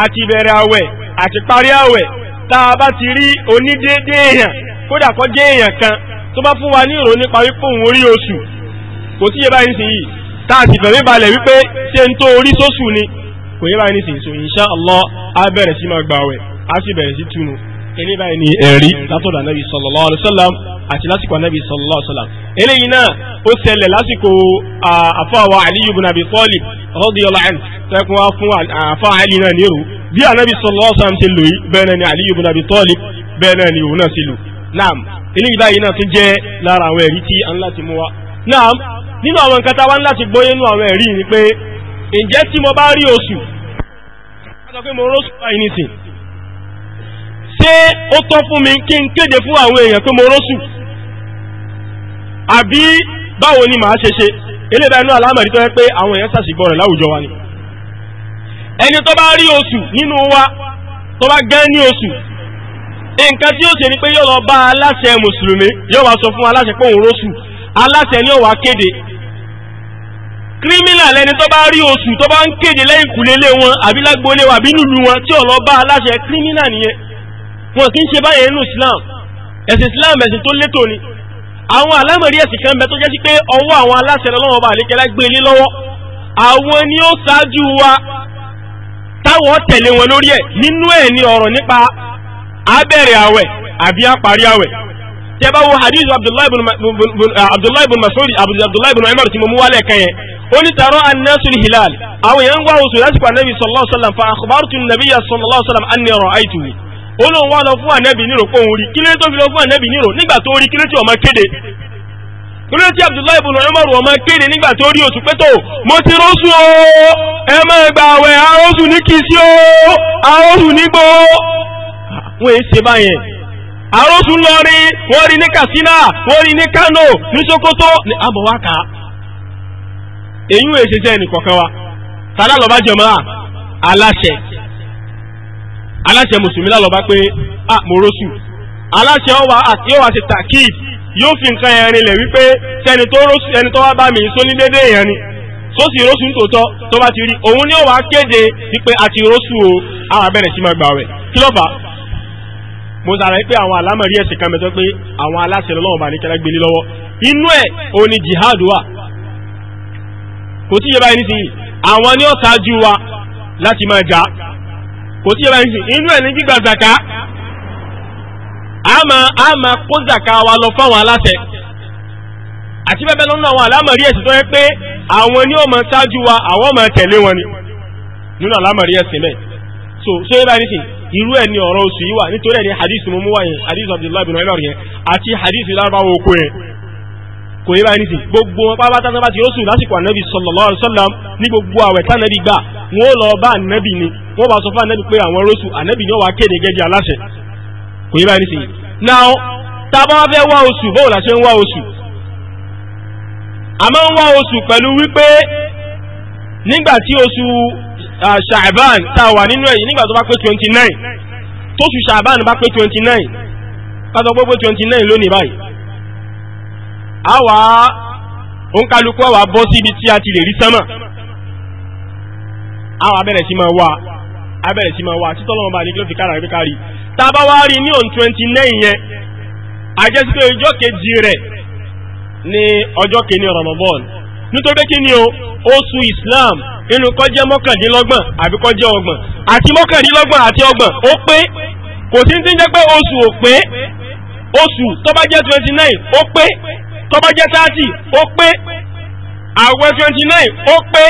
S1: àti bẹ̀rẹ̀ àwẹ̀ àti parí àwẹ̀ tá a bá ti rí onídéédé èèyàn kódà kọ́ jẹ́ èèyàn kan tó bá fún wa ní ìrò nípa wípé òun orí oṣù kò tíye báyìí sì yìí tá sì bẹ̀rẹ̀ balẹ̀ wípé ṣé n tó orí sóṣù ni kò yẹ báyìí sì so insha Allah á bẹ̀rẹ̀ sí máa gbàwẹ̀ á sì bẹ̀rẹ̀ sí túnu eléyìí báyìí ni ẹ̀rí látọ̀dọ̀ anabi sallallahu alayhi wa sallam àti lásìkò anabi sallallahu alayhi wa sallam eléyìí náà ó ṣẹlẹ̀ lásìkò àfọwọ́ aliyu bin abi talib radiyallahu anhu tẹ́kun wá fún àfọwọ́ ali náà nírú bí anabi sallallahu alayhi wa sallam ti lò yìí bẹ́ẹ̀ náà ni aliyu bin abi talib bẹ́ẹ̀ náà ni òun náà ti lò naam eléyìí báyìí náà tún jẹ́ ṣé ó tọ́ fún mi kí n kéde fún àwọn èèyàn pé mo rósù àbí báwo ni màá ṣe ṣe eléyìí báyìí alámọ̀rí tó yẹ pé àwọn èèyàn ṣàṣìgbọ́ rẹ̀ láwùjọ wa ni ẹni tó bá rí oṣù nínú wa tó bá gán ní oṣù nǹkan tí ó ṣe ni pé yóò lọ bá aláṣẹ mùsùlùmí yóò wá sọ fún aláṣẹ pé òun róṣù aláṣẹ ni ó wá kéde kírímínà lẹni tó bá rí oṣù tó bá ń kéde lẹ́yìn kùlélé wọn àbí lágbólé wọn àbí nílùú wọn tí ó lọ bá aláṣẹ kírímínà nìyẹn wọn kì í ṣe báyìí nínú islam ẹ̀sìn islam ẹ̀sìn tó létò ni àwọn alámọ̀rí ẹ̀sìn kan bẹ tó jẹ́ sí pé ọwọ́ àwọn aláṣẹ lọ́wọ́ bá àlékẹ́lá gbé ilé lọ́wọ́ àwọn ni ó ṣáájú wa táwọn tẹ̀lé wọn lórí ẹ̀ nínú ẹ̀ ni ọ̀rọ̀ nípa abẹ́rẹ̀ àwẹ̀ àbí àparí àwẹ̀ tí a bá wo hadith uh, abdullahi ibn mas'ud abdullahi ibn umar tí mo mú wálẹ̀ kan yẹn ó ní tààrọ annasul hilal àwọn èèyàn ń wá oṣù lásìkò anabi sallallahu alaihi wasallam fa akhbartu nabiyya sallallahu alaihi wasallam anni ra'aytuhu olóhùn wá lọ fún ànẹ́bì nírò pé òun rí lé tó fi lọ fún ànẹ́bì nírò nígbà tó rí kí lé tí ọmọ kéde kí tí ọmọ kéde nígbà tó rí oṣù pẹ́tò mo ti rọ́sù o ẹ má gba àwẹ̀ arọ́sù ní kì sí o arọ́sù ní wọ́n ṣe báyẹn arọ́sù ń aláṣẹ mùsùlùmí lálọ́ bá pé a mo róṣù aláṣẹ ọwà àti ọwà ti takid yóò fi nǹkan yẹn rinlẹ̀ wípé sẹ́ni tó róṣù ẹni tó wá bá mi só ní déédéé yẹn ni tó sì róṣù ń tòótọ́ tó bá ti rí òun ni ó kéde wípé a ti róṣù o àwọn abẹ́rẹ́ sí máa gbà wẹ̀ kí ló fà á mo sàrà pé àwọn alámọ̀rí ẹ̀sìn kan mẹ́tọ́ pé àwọn aláṣẹ lọ́wọ́ bá ní kẹ́lá gbélé lọ́wọ́ inú ẹ̀ o ni jihad wà kò tí yẹ kò sí ìbáyìí sùn inú ẹ̀ ní gbígba zaka a máa a máa kó zaka wa lọ fáwọn aláṣẹ àti bẹ́ẹ̀ bẹ́ẹ̀ lọ́nà àwọn àlámọ̀rí ẹ̀sìn tó yẹ pé àwọn ni ó máa ṣáájú wa àwọn ó máa tẹ̀lé wọn ni nínú àlámọ̀rí ẹ̀sìn bẹ́ẹ̀ so so ìbáyìí sùn irú ẹ̀ ni ọ̀rọ̀ oṣù yìí wà nítorí ẹ̀ ni hadith mumu wa yẹn hadith abdullahi bin umar yẹn àti hadith yẹn kò yẹ báyìí nísìn gbogbo wọn pápá tán bá ti rọ́sùn lásìkò ànábì sallallahu alaihi wasallam ní gbogbo àwẹ̀ tá gbà wọn ó lọ bá ànábì ni wọn bá sọ fún ànábì pé àwọn rọ́sùn ànábì ni ó wà kéde gẹ́gẹ́ aláṣẹ kò yẹ báyìí nísìn. now tá a bá fẹ́ wá oṣù bóò la ṣe ń wá oṣù a máa ń wá oṣù pẹ̀lú wípé nígbà tí oṣù ṣàbán ah, tá a wà nínú èyí nígbà tó bá pé twenty nine tóṣù ṣàbán bá pé twenty nine ká sọ twenty nine lónìí báyìí àwa òǹkálukú àwa bọ́ ibi tí a ti lè rí sánmà awa abẹ́rẹ̀ sí máa wá abẹ́rẹ̀ sí máa wá títọ́ lọ́wọ́ bá ní kí kára rẹ̀ kárí tá a bá wá rí ní on twenty nine yẹn àjẹsí pé kejì rẹ̀ ní ọjọ́ ni o oṣù Islam inú kọjẹ́ mọ́kàndínlọ́gbọ̀n àbí ọgbọ̀n àti mọ́kàndínlọ́gbọ̀n àti ọgbọ̀n ó pé kò sí ti ń jẹ́ pé tó bá jẹ́ thirty ó pé àwẹ̀ twenty nine ó pé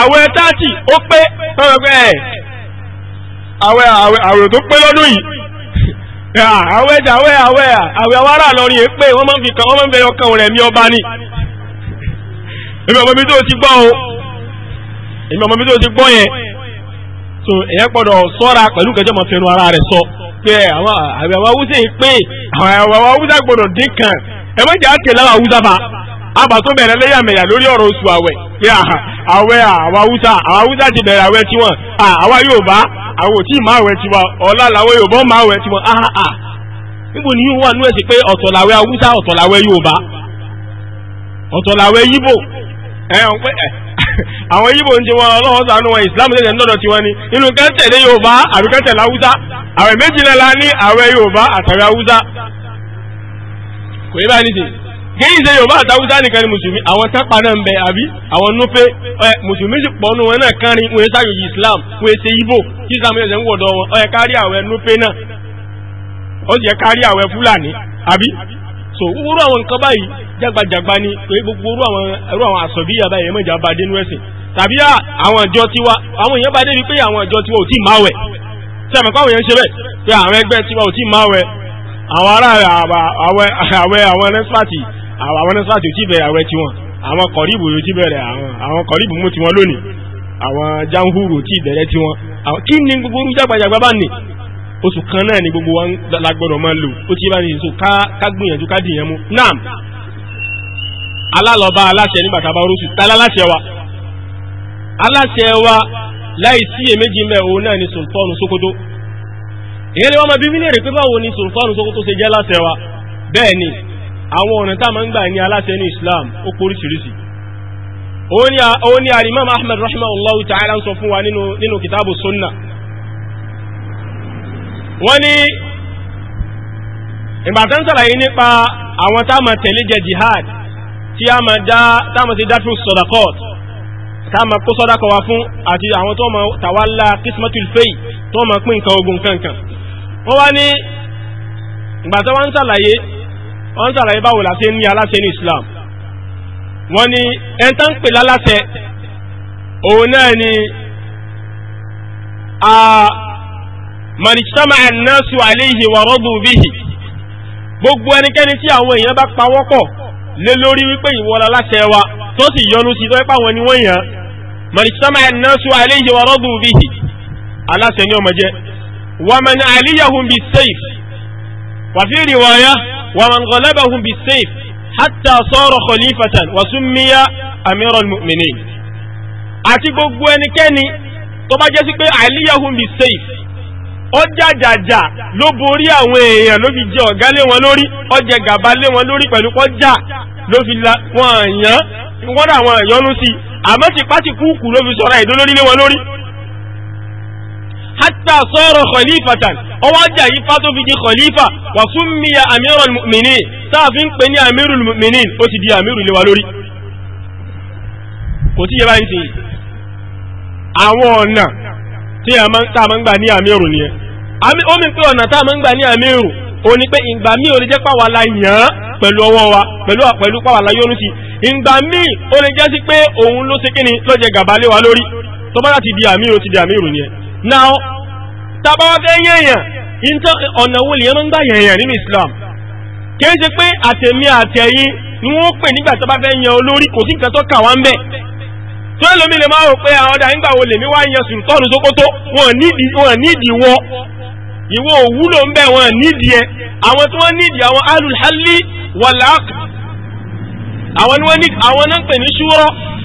S1: àwẹ̀ thirty ó pé pẹ́pẹ́pẹ́ ẹ̀ eh, àwẹ̀ àwẹ̀ àwẹ̀ tó pé lọ́dún yìí ah, àwẹ̀ àwẹ̀ àwẹ̀ àwẹ̀ àwọn ará lọ́rin yẹn pé wọ́n máa ń fi kan wọ́n máa ń bẹ̀rẹ̀ ọkàn rẹ̀ mí ọba ni èmi ọmọ mi tó ti gbọ́ o èmi ọmọ mi tó ti gbọ́ yẹn so èyẹ gbọ́dọ̀ ṣọ́ra pẹ̀lú kẹjọ mọ fẹnu ara rẹ̀ sọ pé àwọn àwẹ̀ àwọn awúsẹ yìí pé àwọn àwọn awúsẹ gbọ́dọ̀ dín kan ẹ má jẹ́ àtẹ̀lé àwọn haúsá fa ya tó bẹ̀rẹ̀ lẹ́yàmẹ̀yà lórí ọ̀rọ̀ oṣù àwẹ̀ pé àwẹ̀ àwọn ti bẹ̀rẹ̀ àwẹ̀ tiwọn àwa Yorùbá àwọn ò tí ì má àwẹ̀ tiwa ọ̀la làwọn Yorùbá má àwẹ̀ tiwọn áhà níbo ni yóò wà nú ẹ̀sìn pé ọ̀tọ̀ làwẹ̀ ọ̀tọ̀ làwẹ̀ ọ̀tọ̀ làwẹ̀ yíbò àwọn yíbò ń ti wọn ọlọ́wọ́n wọn tiwọn ni inú àbí àwẹ̀ méjìlélá ní àwẹ̀ àtàwẹ̀ kò yẹ báyìí nìsín kéyìn ṣe yorùbá àtàwùsá nìkan ni mùsùlùmí àwọn tápà náà ń bẹ àbí àwọn núfẹ ẹ mùsùlùmí sì pọ̀ nù wọn náà kárin wọn ṣàyòjì islam wọn ṣe ibo kí islam ẹsẹ̀ ń wọ̀dọ̀ wọn ó yẹ kárí àwọn núfẹ náà ó sì yẹ kárí àwọn fúlàní àbí so wúrú àwọn nǹkan báyìí jágbajàgba ni pé gbogbo wúrú àwọn ẹrú àwọn àsọ̀bíyà báyìí ẹ̀mọ́ ìjà bá dé nú ẹ̀sìn tàbí àwọn ìjọ tiwa àwọn èèyàn bá dé wípé àwọn ìjọ tiwa ò tí ì máa wẹ̀ tí àmọ́ pé èèyàn ń ṣe bẹ́ẹ̀ pé àwọn ẹgbẹ́ tiwa ò tí ì máa wẹ̀ àwọn ará àwẹ̀ àwọn nẹ́sàtì àwọn nẹ́sàtì ò tí bẹ̀rẹ̀ àwẹ̀ tiwọn àwọn kọ̀ríbù ò tí bẹ̀rẹ̀ àwọn kọ̀ríbù mú tiwọn lónìí àwọn jáhùrù ò tí bẹ̀rẹ̀ tiwọn kí ni gbogbo orú jágbàjàgbà bá nì oṣù kan náà ni gbogbo wa lágbọ́dọ̀ máa lò ó ti bá ní ìṣó ká gbìyànjú ká dìyàn mú naam alálọ́ba aláṣẹ nígbà tá a bá rúṣù tá aláṣẹ wa aláṣẹ wa láì sí èméjì mẹ́ òun náà ni sultanu Sokoto ìyẹn lè wọ́n máa bí mí léèrè pé báwo ni Sultanu Sokoto ṣe jẹ́ aláṣẹ wa bẹ́ẹ̀ ni àwọn ọ̀nà tá a máa ń gbà ní aláṣẹ ní Islam ó poríṣiríṣi ó ní alimam Ahmad rahimahullahu ta'ala ń sọ fún wa nínú kitabu sunna wọ́n ní ìbátan sàlàyé nípa àwọn tá a máa tẹ̀lé jẹ jihad tí a máa dá tá a máa ti dá fún sọdakọ́t tá a máa kó sọdakọ́ wa fún àti àwọn tó máa tàwálà kismatul fay tó máa pín nǹkan ogun kankan wọ́n wá ní ìgbàtọ́ wọ́n ń sàlàyé wọ́n ń sàlàyé báwo la ṣe ní aláṣẹ ní Islam wọ́n ní ẹni tán ń pè láláṣẹ òun náà ni a mọ̀nìtàmà ẹ̀nàṣù àléhì wà rọ́dù gbogbo ẹnikẹ́ni tí àwọn èèyàn bá pawọ́pọ̀ lé lórí wípé ìwọ láláṣẹ wa tó sì yọnu sí tó wọn ni wọ́n yàn mọ̀nìtàmà ẹ̀nàṣù àléhì wà rọ́dù aláṣẹ ni ọmọ jẹ́ ومن عليهم بالسيف وفي رواية ومن غلبهم بالسيف حتى صار خليفة وسمي أمير المؤمنين àti gbogbo ẹnikẹ́ni tó bá jẹ́ sí pé àìlíyàhùn bí sèf ó jàjàjà ló borí àwọn èèyàn ló fi jẹ ọ̀gá lé wọn lórí ó jẹ gàba lé wọn lórí pẹ̀lú kọjá ló fi la wọn àyàn wọ́n dà wọn àyànú sí àmọ́ tipátipúùkù ló fi sọ̀rọ̀ àìdólórí lé wọn lórí hatta sọ̀rọ̀ khalifatan ọwọ́ ajá yìí fátó fi di khalifa wà fún mi ya amirul mu'minin táàfin pè ní amirul mu'minin ó ti di amirul lé wa lórí kò tí yẹ bá ń sìn àwọn ọ̀nà tí a máa ń gbà ní àmìrù ni ẹ ó mi pé ọ̀nà tá a máa ń gbà ní àmìrù ó ní pé ìgbà míì ó lè jẹ́ pàwàlà yàn pẹ̀lú ọwọ́ wa pẹ̀lú pẹ̀lú pàwàlà yọ́nú sí ìgbà míì ó lè jẹ́ sí pé òun ló ṣe kíni ló jẹ gàbálé wa lórí tó bá láti di àmìrù ti di àmìrù ni ẹ now tàbá wá fẹ́ yẹ̀yàn ọ̀nà wo lèyàn máa ń gbà yẹ̀yàn nínú Islam kìí ṣe pé àtẹ̀mí àtẹ̀yìn ni wọ́n pè nígbà tó bá fẹ́ yan olórí kò sí nǹkan tó kà wá ń bẹ̀ tó ẹ lómi lè máa rò pé àwọn ọ̀dà nígbà wo lèmi wá yan sùtọ́ọ̀nù Sókótó wọn wọ́n nídìí àwọn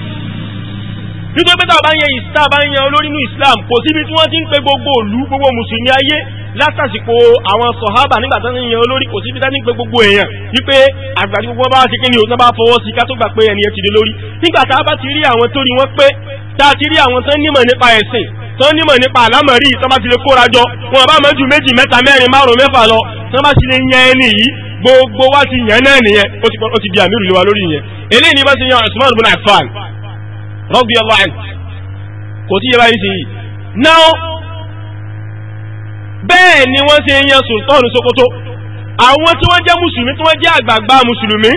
S1: nítorí pé tàbá yẹn ìsá bá yẹn olórí ní Islam kò síbi tí wọ́n ti ń pe gbogbo òlú gbogbo mùsùlùmí ayé látàsìkò àwọn sọ̀hábà nígbà tán yẹn olórí kò síbi tá ní pe gbogbo èèyàn wípé àgbàdì gbogbo bá ṣe kí ni òun bá fọwọ́ sí ká tó gbà pé ẹni ẹ ti dé lórí nígbà a bá ti rí àwọn tó rí wọn pé tá a ti rí àwọn tán nímọ̀ nípa ẹ̀sìn tán nímọ̀ nípa àlámọ̀rí tán bá ti lè kóra jọ wọn bá mọ̀ ju méjì mẹ́ta mẹ́rin márùn-ún mẹ́fà lọ tán bá ti lè yan ẹni yìí gbogbo wá ti yàn náà nìyẹn ó ti di àmì ìrùlé wa lórí yẹn eléyìí ni bá ti yan Usman bin Affan radiyallahu anhu kò tí yẹ báyìí sí yìí náà bẹ́ẹ̀ ni wọ́n ṣe yan sultan Sokoto àwọn tí wọ́n jẹ́ mùsùlùmí tí wọ́n jẹ́ àgbààgbà mùsùlùmí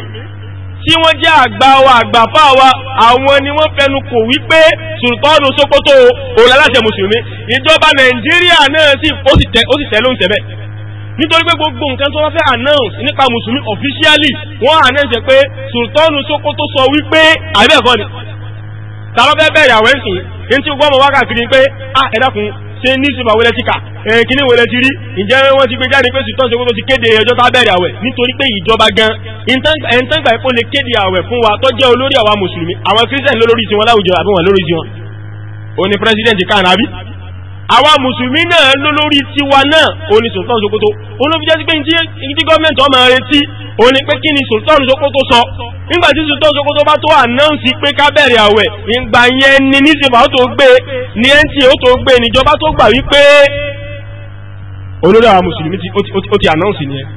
S1: tí wọ́n jẹ́ àgbà wa àgbàfà wa àwọn ni wọ́n fẹnu kò wípé sultan Sokoto òlàláṣẹ mùsùlùmí ìjọba Nàìjíríà náà sì ó sì tẹ̀ ló ń tẹ̀ bẹ́ẹ̀ nítorí pé gbogbo nǹkan tó wá fẹ́ announce nípa mùsùlùmí officially wọ́n announce pé sultan Sokoto sọ wípé àbẹ́ẹ̀kọ́ ni tàbá fẹ́ bẹ̀rẹ̀ àwẹ̀ ńsìn ah, ní tí gbọ́mọ̀ wákàkiri pé a ẹ̀dàkùn ṣe ní ìsìnmà wẹlẹ́ ti kà ẹ̀yìn kìíní wẹlẹ́ ti rí ǹjẹ́ wọ́n ti gbé jáde pé sùtọ́n ṣe gbogbo ti kéde ẹjọ́ tá bẹ̀rẹ̀ àwẹ̀ nítorí pé ìjọba gan ẹ̀ńtẹ́gbà ẹ̀pọ̀ lè kéde wa tó jẹ́ olórí àwa mùsùlùmí àwọn kírísẹ̀n lólórí àwa mùsùlùmí náà lólórí tiwa náà òní sultan sokoto òun ló fi jẹ́ sí pé ní gọ́ọ̀mẹ̀ntì ọmọ retí òun ni pé kí ni sultan sokoto sọ nígbà tí sultan sokoto bá tó ànáǹsì pé ká bẹ̀rẹ̀ àwẹ̀ ìgbà yẹn ni nísìnyí ó tó gbé ní nta ó tó gbé níjọba tó gbà wípé olórí àwọn mùsùlùmí ó ti ànáǹsì nìyẹn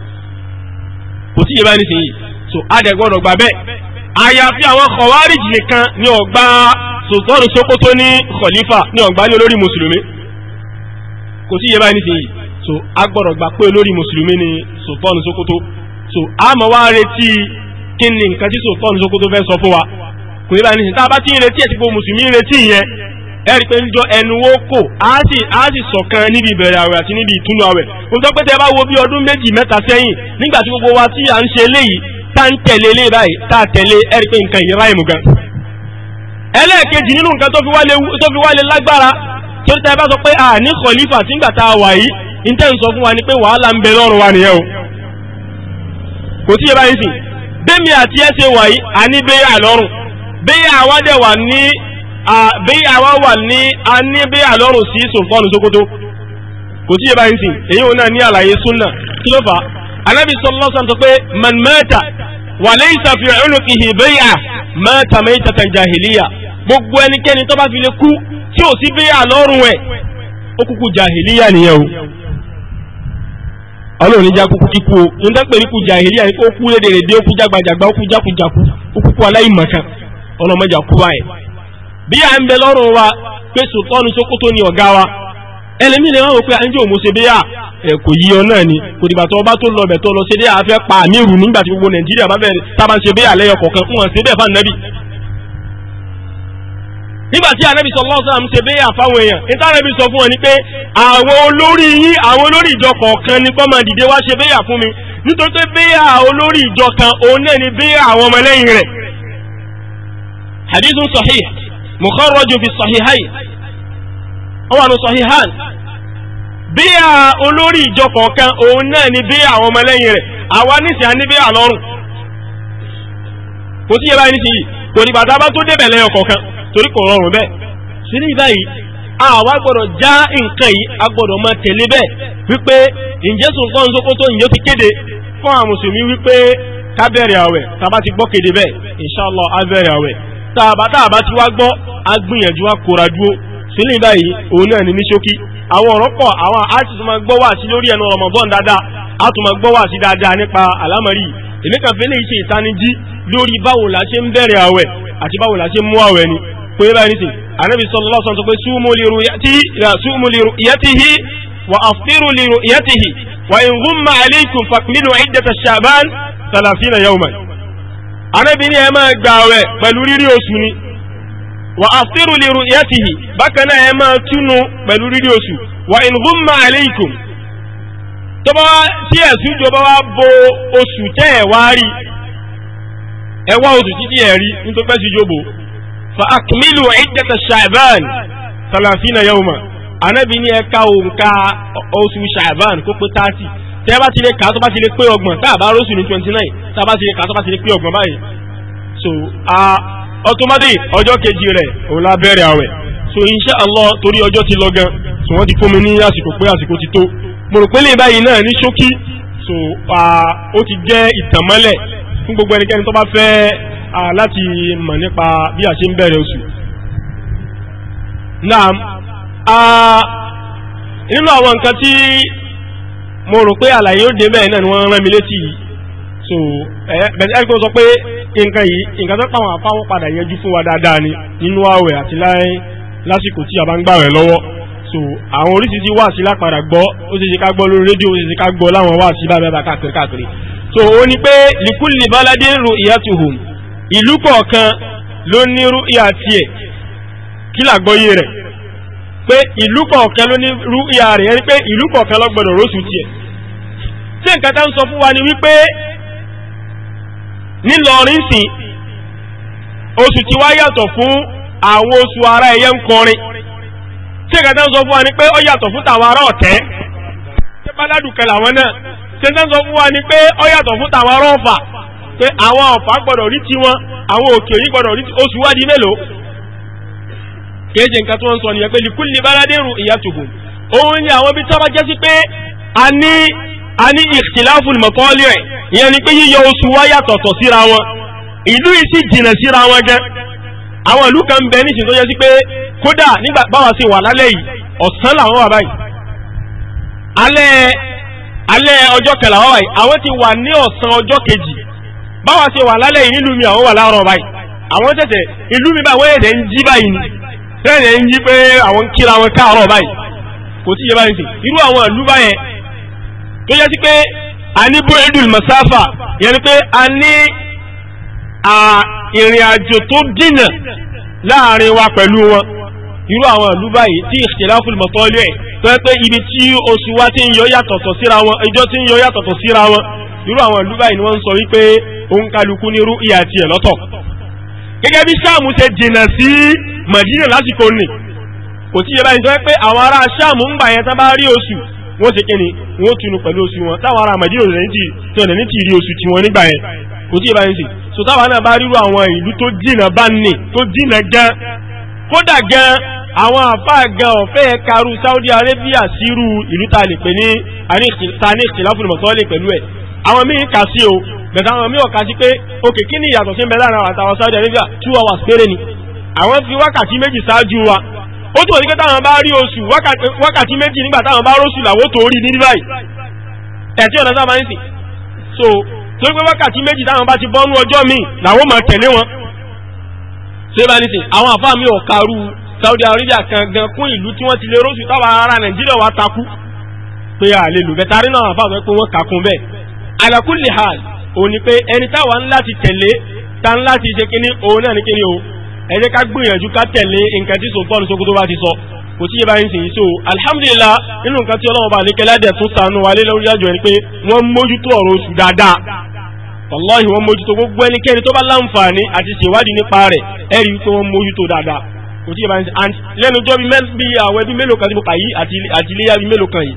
S1: kò sí yẹba ní sèyí so adẹ̀gbọ́dọ̀ gbà bẹ́ẹ̀ àyàfi àwọn kọ̀wárìjì nìkan ni ọ̀gbà sultan sokoto ní khalifa ní ọ̀gbà ní olórí mùsùlùmí kò sí iye báyìí nísìnyí so a gbọ́dọ̀ gbà pé olórí mùsùlùmí ni Sùfọ́ọ̀nù Sókótó so a mọ̀ wá retí kí ni nǹkan tí Sùfọ́ọ̀nù Sókótó fẹ́ sọ fún wa kò sí báyìí nísìnyí tá a bá ti ń retí ẹ̀sìn pé mùsùlùmí ń retí yẹn ẹ rí i pé ń jọ ẹnu wo kò á sì á sì ṣọ̀kan níbi ìbẹ̀rẹ̀ àwẹ̀ àti níbi ìtúnu àwẹ̀ kò sọ pé tẹ bá wo bí ọdún méjì mẹ́ta sẹ́yìn nígbà tí gbogbo wa tí à ń ṣe eléyìí tá ń tẹ̀lé eléyìí báyìí tá a tẹ̀lé ẹ rí i pé nǹkan ìyẹn báyìí mú gan. ẹlẹ́ẹ̀kejì nínú nǹkan tó fi wá lè lágbára torí tẹ́ bá sọ pé a ah, ní kọ̀lífà tí ń gbà tá a wà yìí ń tẹ́ ń sọ fún wa ni pé wàhálà ń bẹ lọ́rùn wa nìyẹn o kò tí báyìí sìn bẹ́ẹ̀mi àti ẹ wà yìí a ní bẹ́yà lọ́rùn bẹ́yà àwa dẹ̀ wà ní bẹ́yà àwa wà ní a ní bẹ́yà lọ́rùn sí sòfọ́nù Sókótó kò tí báyìí sìn èyí òun náà ní àlàyé súnà kí ló fà anábì sallallahu alaihi sọ pé man mata wa laysa fi unuqihi bay'a mata gbogbo ẹnikẹ́ni tó bá fi lè kú tí ò sí bíyà lọ́rùn ẹ̀ ó kúkú jàhìlíyà nìyẹn o ọlọ́run níjà kúkú kíkú o ń dẹ́pẹ̀ ní kú jàhìlíyà ní kó kú lédè rèdè ó kú jágbajàgba ó kú ó aláìmọ̀kan ọlọ́mọjà kú wa ẹ̀ bíyà ń bẹ lọ́rùn wa pé sòtọ́nu sókótó ni ọ̀gá wa ẹlẹ́mí lè wọ́n wò pé àńjẹ́ òun ṣe bíyà kò yí ọ ni kò dìgbà tó ọba tó lọ pa àmì ìrù gbogbo nàìjíríà bá tábà ń lẹ́yọ nígbàtí ànábì sallallahu alaihi wasallam ṣe bẹ́yà fáwọn èèyàn níta ànábì sọ fún wọn ni pé àwọn olórí yín àwọn olórí ìjọ kọ̀ọ̀kan ni kọ́ máa dìde wá ṣe bẹ́yà fún mi nítorí pé bẹ́yà olórí ìjọ kan òun náà ni bẹ́yà àwọn ọmọlẹ́yìn rẹ̀ hadithun sahih mukharrajun fi sahihayn wọ́n wà ní sahihan bẹ́yà olórí ìjọ kọ̀ọ̀kan òun náà ni bẹ́yà àwọn ọmọlẹ́yìn rẹ̀ àwa nísìnyà ní bẹ́yà lọ́rùn kò sí yẹ báyìí nísìnyí kò torí kò rọrùn bẹ́ẹ̀ sí ní báyìí àwa gbọ́dọ̀ já nǹkan yìí ma tèlé máa tẹ̀lé bẹ́ẹ̀ wípé ìjẹ́sù nǹkan sókótó ti kéde fún àwọn mùsùlùmí wípé ká bẹ̀rẹ̀ àwẹ̀ tàbá ti gbọ́ kéde bẹ́ẹ̀ àwẹ̀ wá gbọ́ dúó òun náà ni ní ṣókí àwọn ọ̀rọ̀ pọ̀ báwo la ṣe ń bẹ̀rẹ̀ kò yẹ báyìí nìsín anabi sallallahu alaihi wasallam sọ pé sumu li ru'yatihi la sumu li ru'yatihi wa aftiru li ru'yatihi wa in ghumma alaykum fakmilu iddata sha'ban thalathina yawman. anabi ni pẹ̀lú rírí oṣù ni wa aftiru li ru'yatihi bákan náà ẹ máa pẹ̀lú rírí oṣù wa in ghumma alaykum tọ́ba tí ẹ̀sùn jọba wa bo oṣù tẹ́ ẹ̀ wá rí ẹ oṣù títí ẹ̀ rí nítorí pẹ́ sí jóbo fa akmilu iddata sha'ban thalathina yawma anabi ní ẹ̀ka òǹkà oṣù sha'ban kó pé tààtì tẹ́ bá ti lè kà á tó bá ti lè pé ọgbọ̀n tá a bá róṣù ní twenty nine tá a bá ti lè kà á tó bá ti lè pé ọgbọ̀n báyìí so ọtọmọdé ọjọ́ kejì rẹ̀ òun la bẹ̀rẹ̀ àwẹ̀ so insha Allah torí ọjọ́ ti lọ gan so wọ́n ti fún mi ní àsìkò pé àsìkò ti tó mo rò pé lè báyìí náà ní ṣókí so ó ti jẹ́ ìtànmọ́lẹ̀ fún gbogbo ẹnikẹ́ni tó bá fẹ́ láti mọ̀ nípa bí a ṣe ń bẹ̀rẹ̀ oṣù náà nínú àwọn nǹkan tí mo rò pé àlàyé ó dé bẹ́ẹ̀ náà ni wọ́n rán mi létí so sọ pé nǹkan yìí nǹkan tó pàwọn àpáwọn padà yẹjú fún wa dáadáa ni nínú àwẹ̀ àti lásìkò tí a bá ń so àwọn oríṣiríṣi wáàsí lápadà gbọ́ ó ṣe ṣe ká gbọ́ lórí rédíò ó ṣe ṣe ká gbọ́ láwọn wáàsí bàbá káàkiri káàkiri so ó ní pé likulli baladin ru'yatuhum ìlú kọ̀ọ̀kan ló ní rúìyà tiẹ̀ kí làgbọ́yé rẹ̀ pé ìlú kọ̀ọ̀kan ló ní rúìyà rẹ̀ ẹni pé ìlú kọ̀ọ̀kan ló gbọ́dọ̀ tiẹ̀ tí nǹkan tá ń sọ fún wa ni wípé nílọrin sìn oṣù tí wá yàtọ̀ fún àwọn oṣù ara ẹ̀yẹ ń kọrin tí ẹ̀ka tán sọ fún wa ni pé ó yàtọ̀ fún tàwọn ará ọ̀tẹ́ ṣé báládùkẹ́ làwọn náà ṣe tán sọ fún wa ni pé ó yàtọ̀ fún tàwọn ará ọ̀fà pé àwọn ọ̀fà gbọ́dọ̀ rí tiwọn àwọn òkè yìí gbọ́dọ̀ rí oṣù wádìí mélòó kéèjì nǹkan tó ń sọ nìyẹn pé likulli baladin ru'yatuhum òun ni àwọn ibi tó bá jẹ́ sí pé a ní a ní ikhtilafu al-matali' ìyẹn ni pé yíyọ oṣù wa yàtọ̀tọ̀ síra wọn àwọn ìlú kan bẹ nísìnyí tó yẹ sí pé kódà nígbà báwa sí wà lálẹ́ yìí ọ̀sán làwọn wà báyìí alẹ́ alẹ́ ọjọ́ kẹlà wà báyìí àwọn ti wà ní ọ̀sán ọjọ́ kejì báwa sí wà lálẹ́ yìí nílùú mi àwọn wà láàárọ̀ báyìí àwọn tẹ̀tẹ̀ ìlú mi báyìí wọ́n ń jí báyìí ni tẹ́lẹ̀ ń jí pé àwọn ń kíra wọn káàárọ̀ báyìí kò sí yẹ báyìí sí irú àwọn ìlú báyẹn tó yẹ sí pé a ní búrẹ́dùl masáfà yẹn ni pé a ní ìrìn àjò tó dínà láàrin wa pẹ̀lú wọn irú àwọn ìlú báyìí tí ìṣẹ̀láfùl mọ̀tọ́lú ẹ̀ tó ẹ́ pé ibi tí oṣù wa ti ń yọ yàtọ̀tọ̀ síra wọn ìjọ́ ti ń yọ yàtọ̀tọ̀ síra wọn irú àwọn ìlú báyìí ni wọ́n ń sọ wípé òun kálukú ní irú ìyà tiẹ̀ lọ́tọ̀ gẹ́gẹ́ bí sáàmù ṣe jìnà sí màdínà lásìkò nì kò tí yẹba ìjọ pé àwọn ará sáàmù ń gbà yẹn tán bá rí oṣù wọ́n ṣe kíni wọ́n tunu pẹ̀lú oṣù wọn táwọn ará màdínà lè kò sí ìbáyé sí so táwa náà bá ríru àwọn ìlú tó jìnà bá nì tó jìnà gan kódà gan àwọn àfáà gan ọ̀fẹ́ karu Saudi Arabia sírú ìlú ta lè pè ní taníkì láfùlùmọ̀tọ́ lè pẹ̀lú ẹ̀ àwọn míì kà sí o bẹ̀tẹ̀ àwọn míì ọ̀ka sí pé òkè kí ni ìyàtọ̀ sí ń bẹ láàrin àwọn àtàwọn Saudi Arabia two hours péré ni àwọn fi wákàtí méjì ṣáájú wa ó tó ní pé táwọn bá rí oṣù wákàtí méjì nígbà táwọn bá róṣù làwó tó rí ní báyìí ẹ̀tí ọ̀nà sáà ń sìn so torí pé wákàtí méjì táwọn bá ti bọ́nú ọjọ́ mi làwọn máa tẹ̀lé wọn ṣé bá ní sìn àwọn àfáà mi ò karú Saudi Arabia kan gan kún ìlú tí wọ́n ti lè róṣù táwa ara Nàìjíríà wa takú pé a lè lò bẹ́tà rí náà àfáà pé wọ́n kàkún bẹ́ẹ̀ ala kulli hal òun pé ẹni táwa ńlá ti tẹ̀lé ta ńlá ti ṣe kíní òun náà ní kíní o ẹ jẹ́ ká gbìyànjú ká tẹ̀lé nǹkan tí sòtọ́nù sókútó bá ti sọ kò tí yẹ bá ń sìn so alhamdulillah nínú nǹkan tí ọlọ́wọ́ bá ní kẹlẹ́dẹ̀ tó tanú wa lé lórí àjọ pé wọ́n mójútó ọ̀rọ̀ oṣù dáadáa wàláhì wọ́n mójútó gbogbo ẹnikẹ́ni tó bá láǹfààní àti ṣèwádìí nípa rẹ̀ ẹ̀rí wípé wọ́n mójútó dáadáa kò tí ìbá ń sẹ́ lẹ́nu jọ́ bí àwọn ẹbí mélòó kan tí mo kà yí àti iléyà bí mélòó kan yìí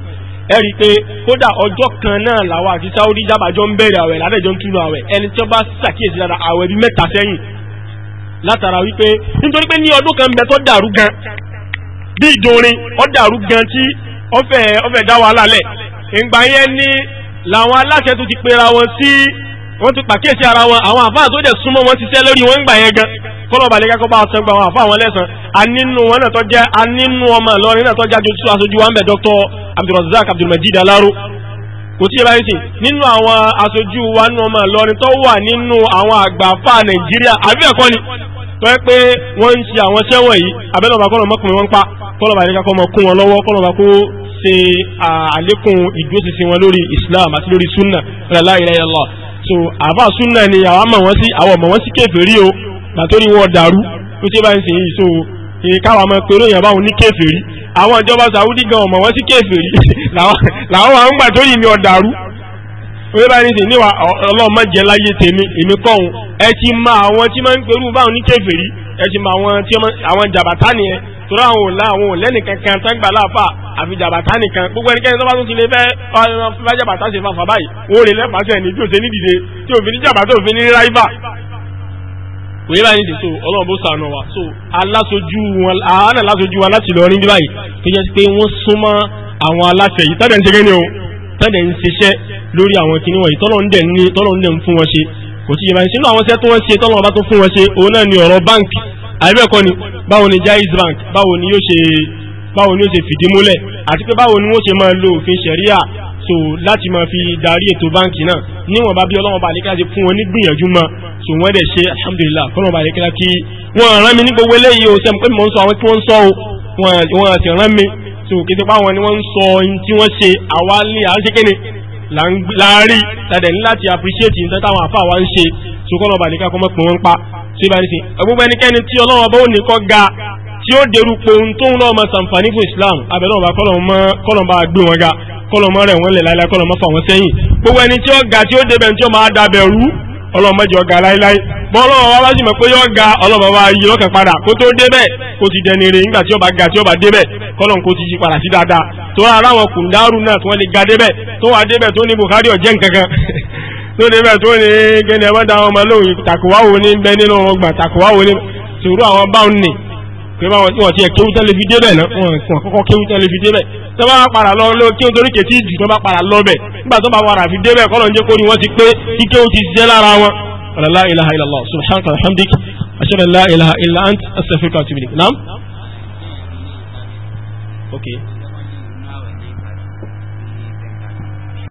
S1: ẹ̀rí pé kódà ọjọ́ kan náà làwọn àti Saudi jábàjọ́ ń bẹ̀rẹ̀ àwẹ̀ ládẹ́jọ́ ń túnú àwẹ̀ ẹni tó bá ṣàkíyèsí dáadáa àwẹ̀ bí mẹ́ta sẹ́yìn látara wípé nítorí pé ní ọdún kan bẹ tó dàrú gan bí ìdórin ó dàrú làwọn aláṣẹ tó ti pera wọn sí wọ́n ti pàkíyèsí ara wọn àwọn àfáà tó dẹ̀ súnmọ́ wọn ti sẹ́ lórí wọn ń gbà yẹn gan kọ́lọ̀bà lè kẹ́kọ́ bá ọ̀sán gba àwọn àfáà wọn lẹ́sàn anínú wọn náà tó jẹ́ anínú ọmọ Ìlọrin náà tó jẹ́ ajojú aṣojú wa ń bẹ̀ Dr. Abdulrazak Abdulmajid Alaro kò tí ì báyìí sìn nínú àwọn aṣojú wa nínú ọmọ Ìlọrin tó wà nínú àwọn àgbàfà Nàìjíríà àbí ẹ̀kọ́ ni tó yẹ pé wọ́n ń ṣe àwọn iṣẹ́ wọ̀nyí abẹ́lọ́ba kọ́lọ̀ mọ́kùnrin wọn pa kọ́lọ̀bà lè kẹ́kọ́ kún wọn lọ́wọ́ kọ́lọ̀bà kó ṣe àlékún ìdúróṣinṣin wọn lórí Islam àti lórí sunna la ilaha illallah so àbá súnà ni àwọn ọmọ wọn sí àwọn ọmọ wọn sí kèfèrí o gbàtórí wọn dàrú tó ṣe bá ń sìn yìí so káwa máa pe olóyìn àbáwọn ní kèfèrí àwọn ìjọba Saudi gan ọmọ wọn sí kèfèrí làwọn wa ń gbà tó yìí ní ọ̀dàrú oye bá ní sìn níwà ọlọ́ọ̀mọ jẹ láyé tèmi èmi kọ́hún ẹ ti mọ àwọn tí máa ń perú báwọn ní kèfèrí ẹ ti mọ àwọn jàbátá nìyẹn torí àwọn òlà àwọn òlẹ́nì kankan tán gbà láàfà àfi jàbàtà nìkan gbogbo ẹnikẹ́ni tó bá tún ti lè fẹ́ fẹ́ jàbàtà ṣe fàfà báyìí wọ́n lè lẹ́fàṣẹ́ ní tí ò ṣe ní dìde tí so ọlọ́run bó sànù wa so alásojú wọn àánà alásojú wa láti lọ rí bí báyìí tó jẹ́ pé wọ́n súnmọ́ àwọn aláṣẹ yìí tẹ́lẹ̀ ń ṣe kéde o tẹ́lẹ̀ ń ṣiṣẹ́ lórí àwọn kìnìún wọ̀nyí tọ́lọ̀ ń dẹ̀ ń ní tọ́lọ̀ ń dẹ̀ ń fún wọn ṣe àbẹ́ẹ̀kọ́ ni báwo ni Jaiz Bank báwo ni yóò ṣe báwo ni yóò ṣe fìdí múlẹ̀ àti pé báwo ni wọ́n ṣe máa lo òfin ṣẹ̀ríà so láti máa fi darí ètò báǹkì náà níwọ̀n bá bí ọlọ́wọ́n bá lékẹ́lá ti fún wọn ní gbìyànjú mọ́ so wọ́n dẹ̀ ṣe alhamdulillah kọ́nà bá lékẹ́lá kí wọ́n rán mi ní gbogbo eléyìí o sẹ́mi pé mò ń sọ àwọn tí wọ́n sọ o wọ́n àti rán mi so kí ti pa wọn ni wọ́n ń sọ ohun tí wọ́n ṣe àwa láàárí tàdẹ̀ ní láti appreciate ní tẹ́tàwọn àfà wa ń ṣe ṣùgbọ́n ọba nìkan kọ́ mọ́pin wọn pa sí ibà nísìn gbogbo ẹnikẹ́ni tí ọlọ́wọ́ bá ó nìkan ga tí ó dẹrù pohun tó ń lọ́ ọmọ sàǹfààní fún Islam abẹ́rẹ́ ọba kọ́lọ̀mọ́ gbé wọn ga kọ́lọ̀mọ́ rẹ̀ wọ́n lẹ̀ láìláì kọ́lọ̀mọ́ fà wọ́n sẹ́yìn gbogbo ẹni tí ó ga tí ó débẹ̀ tí ó máa dàbẹ̀rú ọlọ́mọdé ọ̀gá láíláí bọ́ ọlọ́mọ wa bá pé yọ ga ọlọ́mọ wa yí lọ́kàn padà kó tó débẹ̀ kó ti dẹni rè nígbà tí ọba ga tí ọba débẹ̀ kọ́lọ́n kó ti yí padà sí dáadáa tó ara wọn kùndárù náà tí wọ́n lè ga débẹ̀ tó wà débẹ̀ tó ní Buhari ọ̀jẹ́ nkankan tó débẹ̀ tó ní gẹ́ni ẹ̀wọ́n da wọn mọ́ lóhùn tàkùwáwo ní bẹ́ nínú wọn gbà tàkùwáwo ní sòrò àwọn báwọn nì pé báwọn tí wọ́n ti ẹ̀ kéwú tẹ́lẹ̀ fi débẹ̀ náà wọ́n kọ́kọ́ kéwú tẹ́lẹ̀ fi débẹ̀ tó bá para lọ lọ kéwú torí kètí ìjù tó bá para lọ bẹ̀ nígbà tó bá wàrà fi débẹ̀ kọ́ ló ń jẹ́ kó ni wọ́n ti pé kí kéwú ti ṣiṣẹ́ lára wọn. la ilaha illallah subhanaka alhamdik ashhadu an la ilaha ant astaghfiruka wa atubu ilaik naam
S2: okay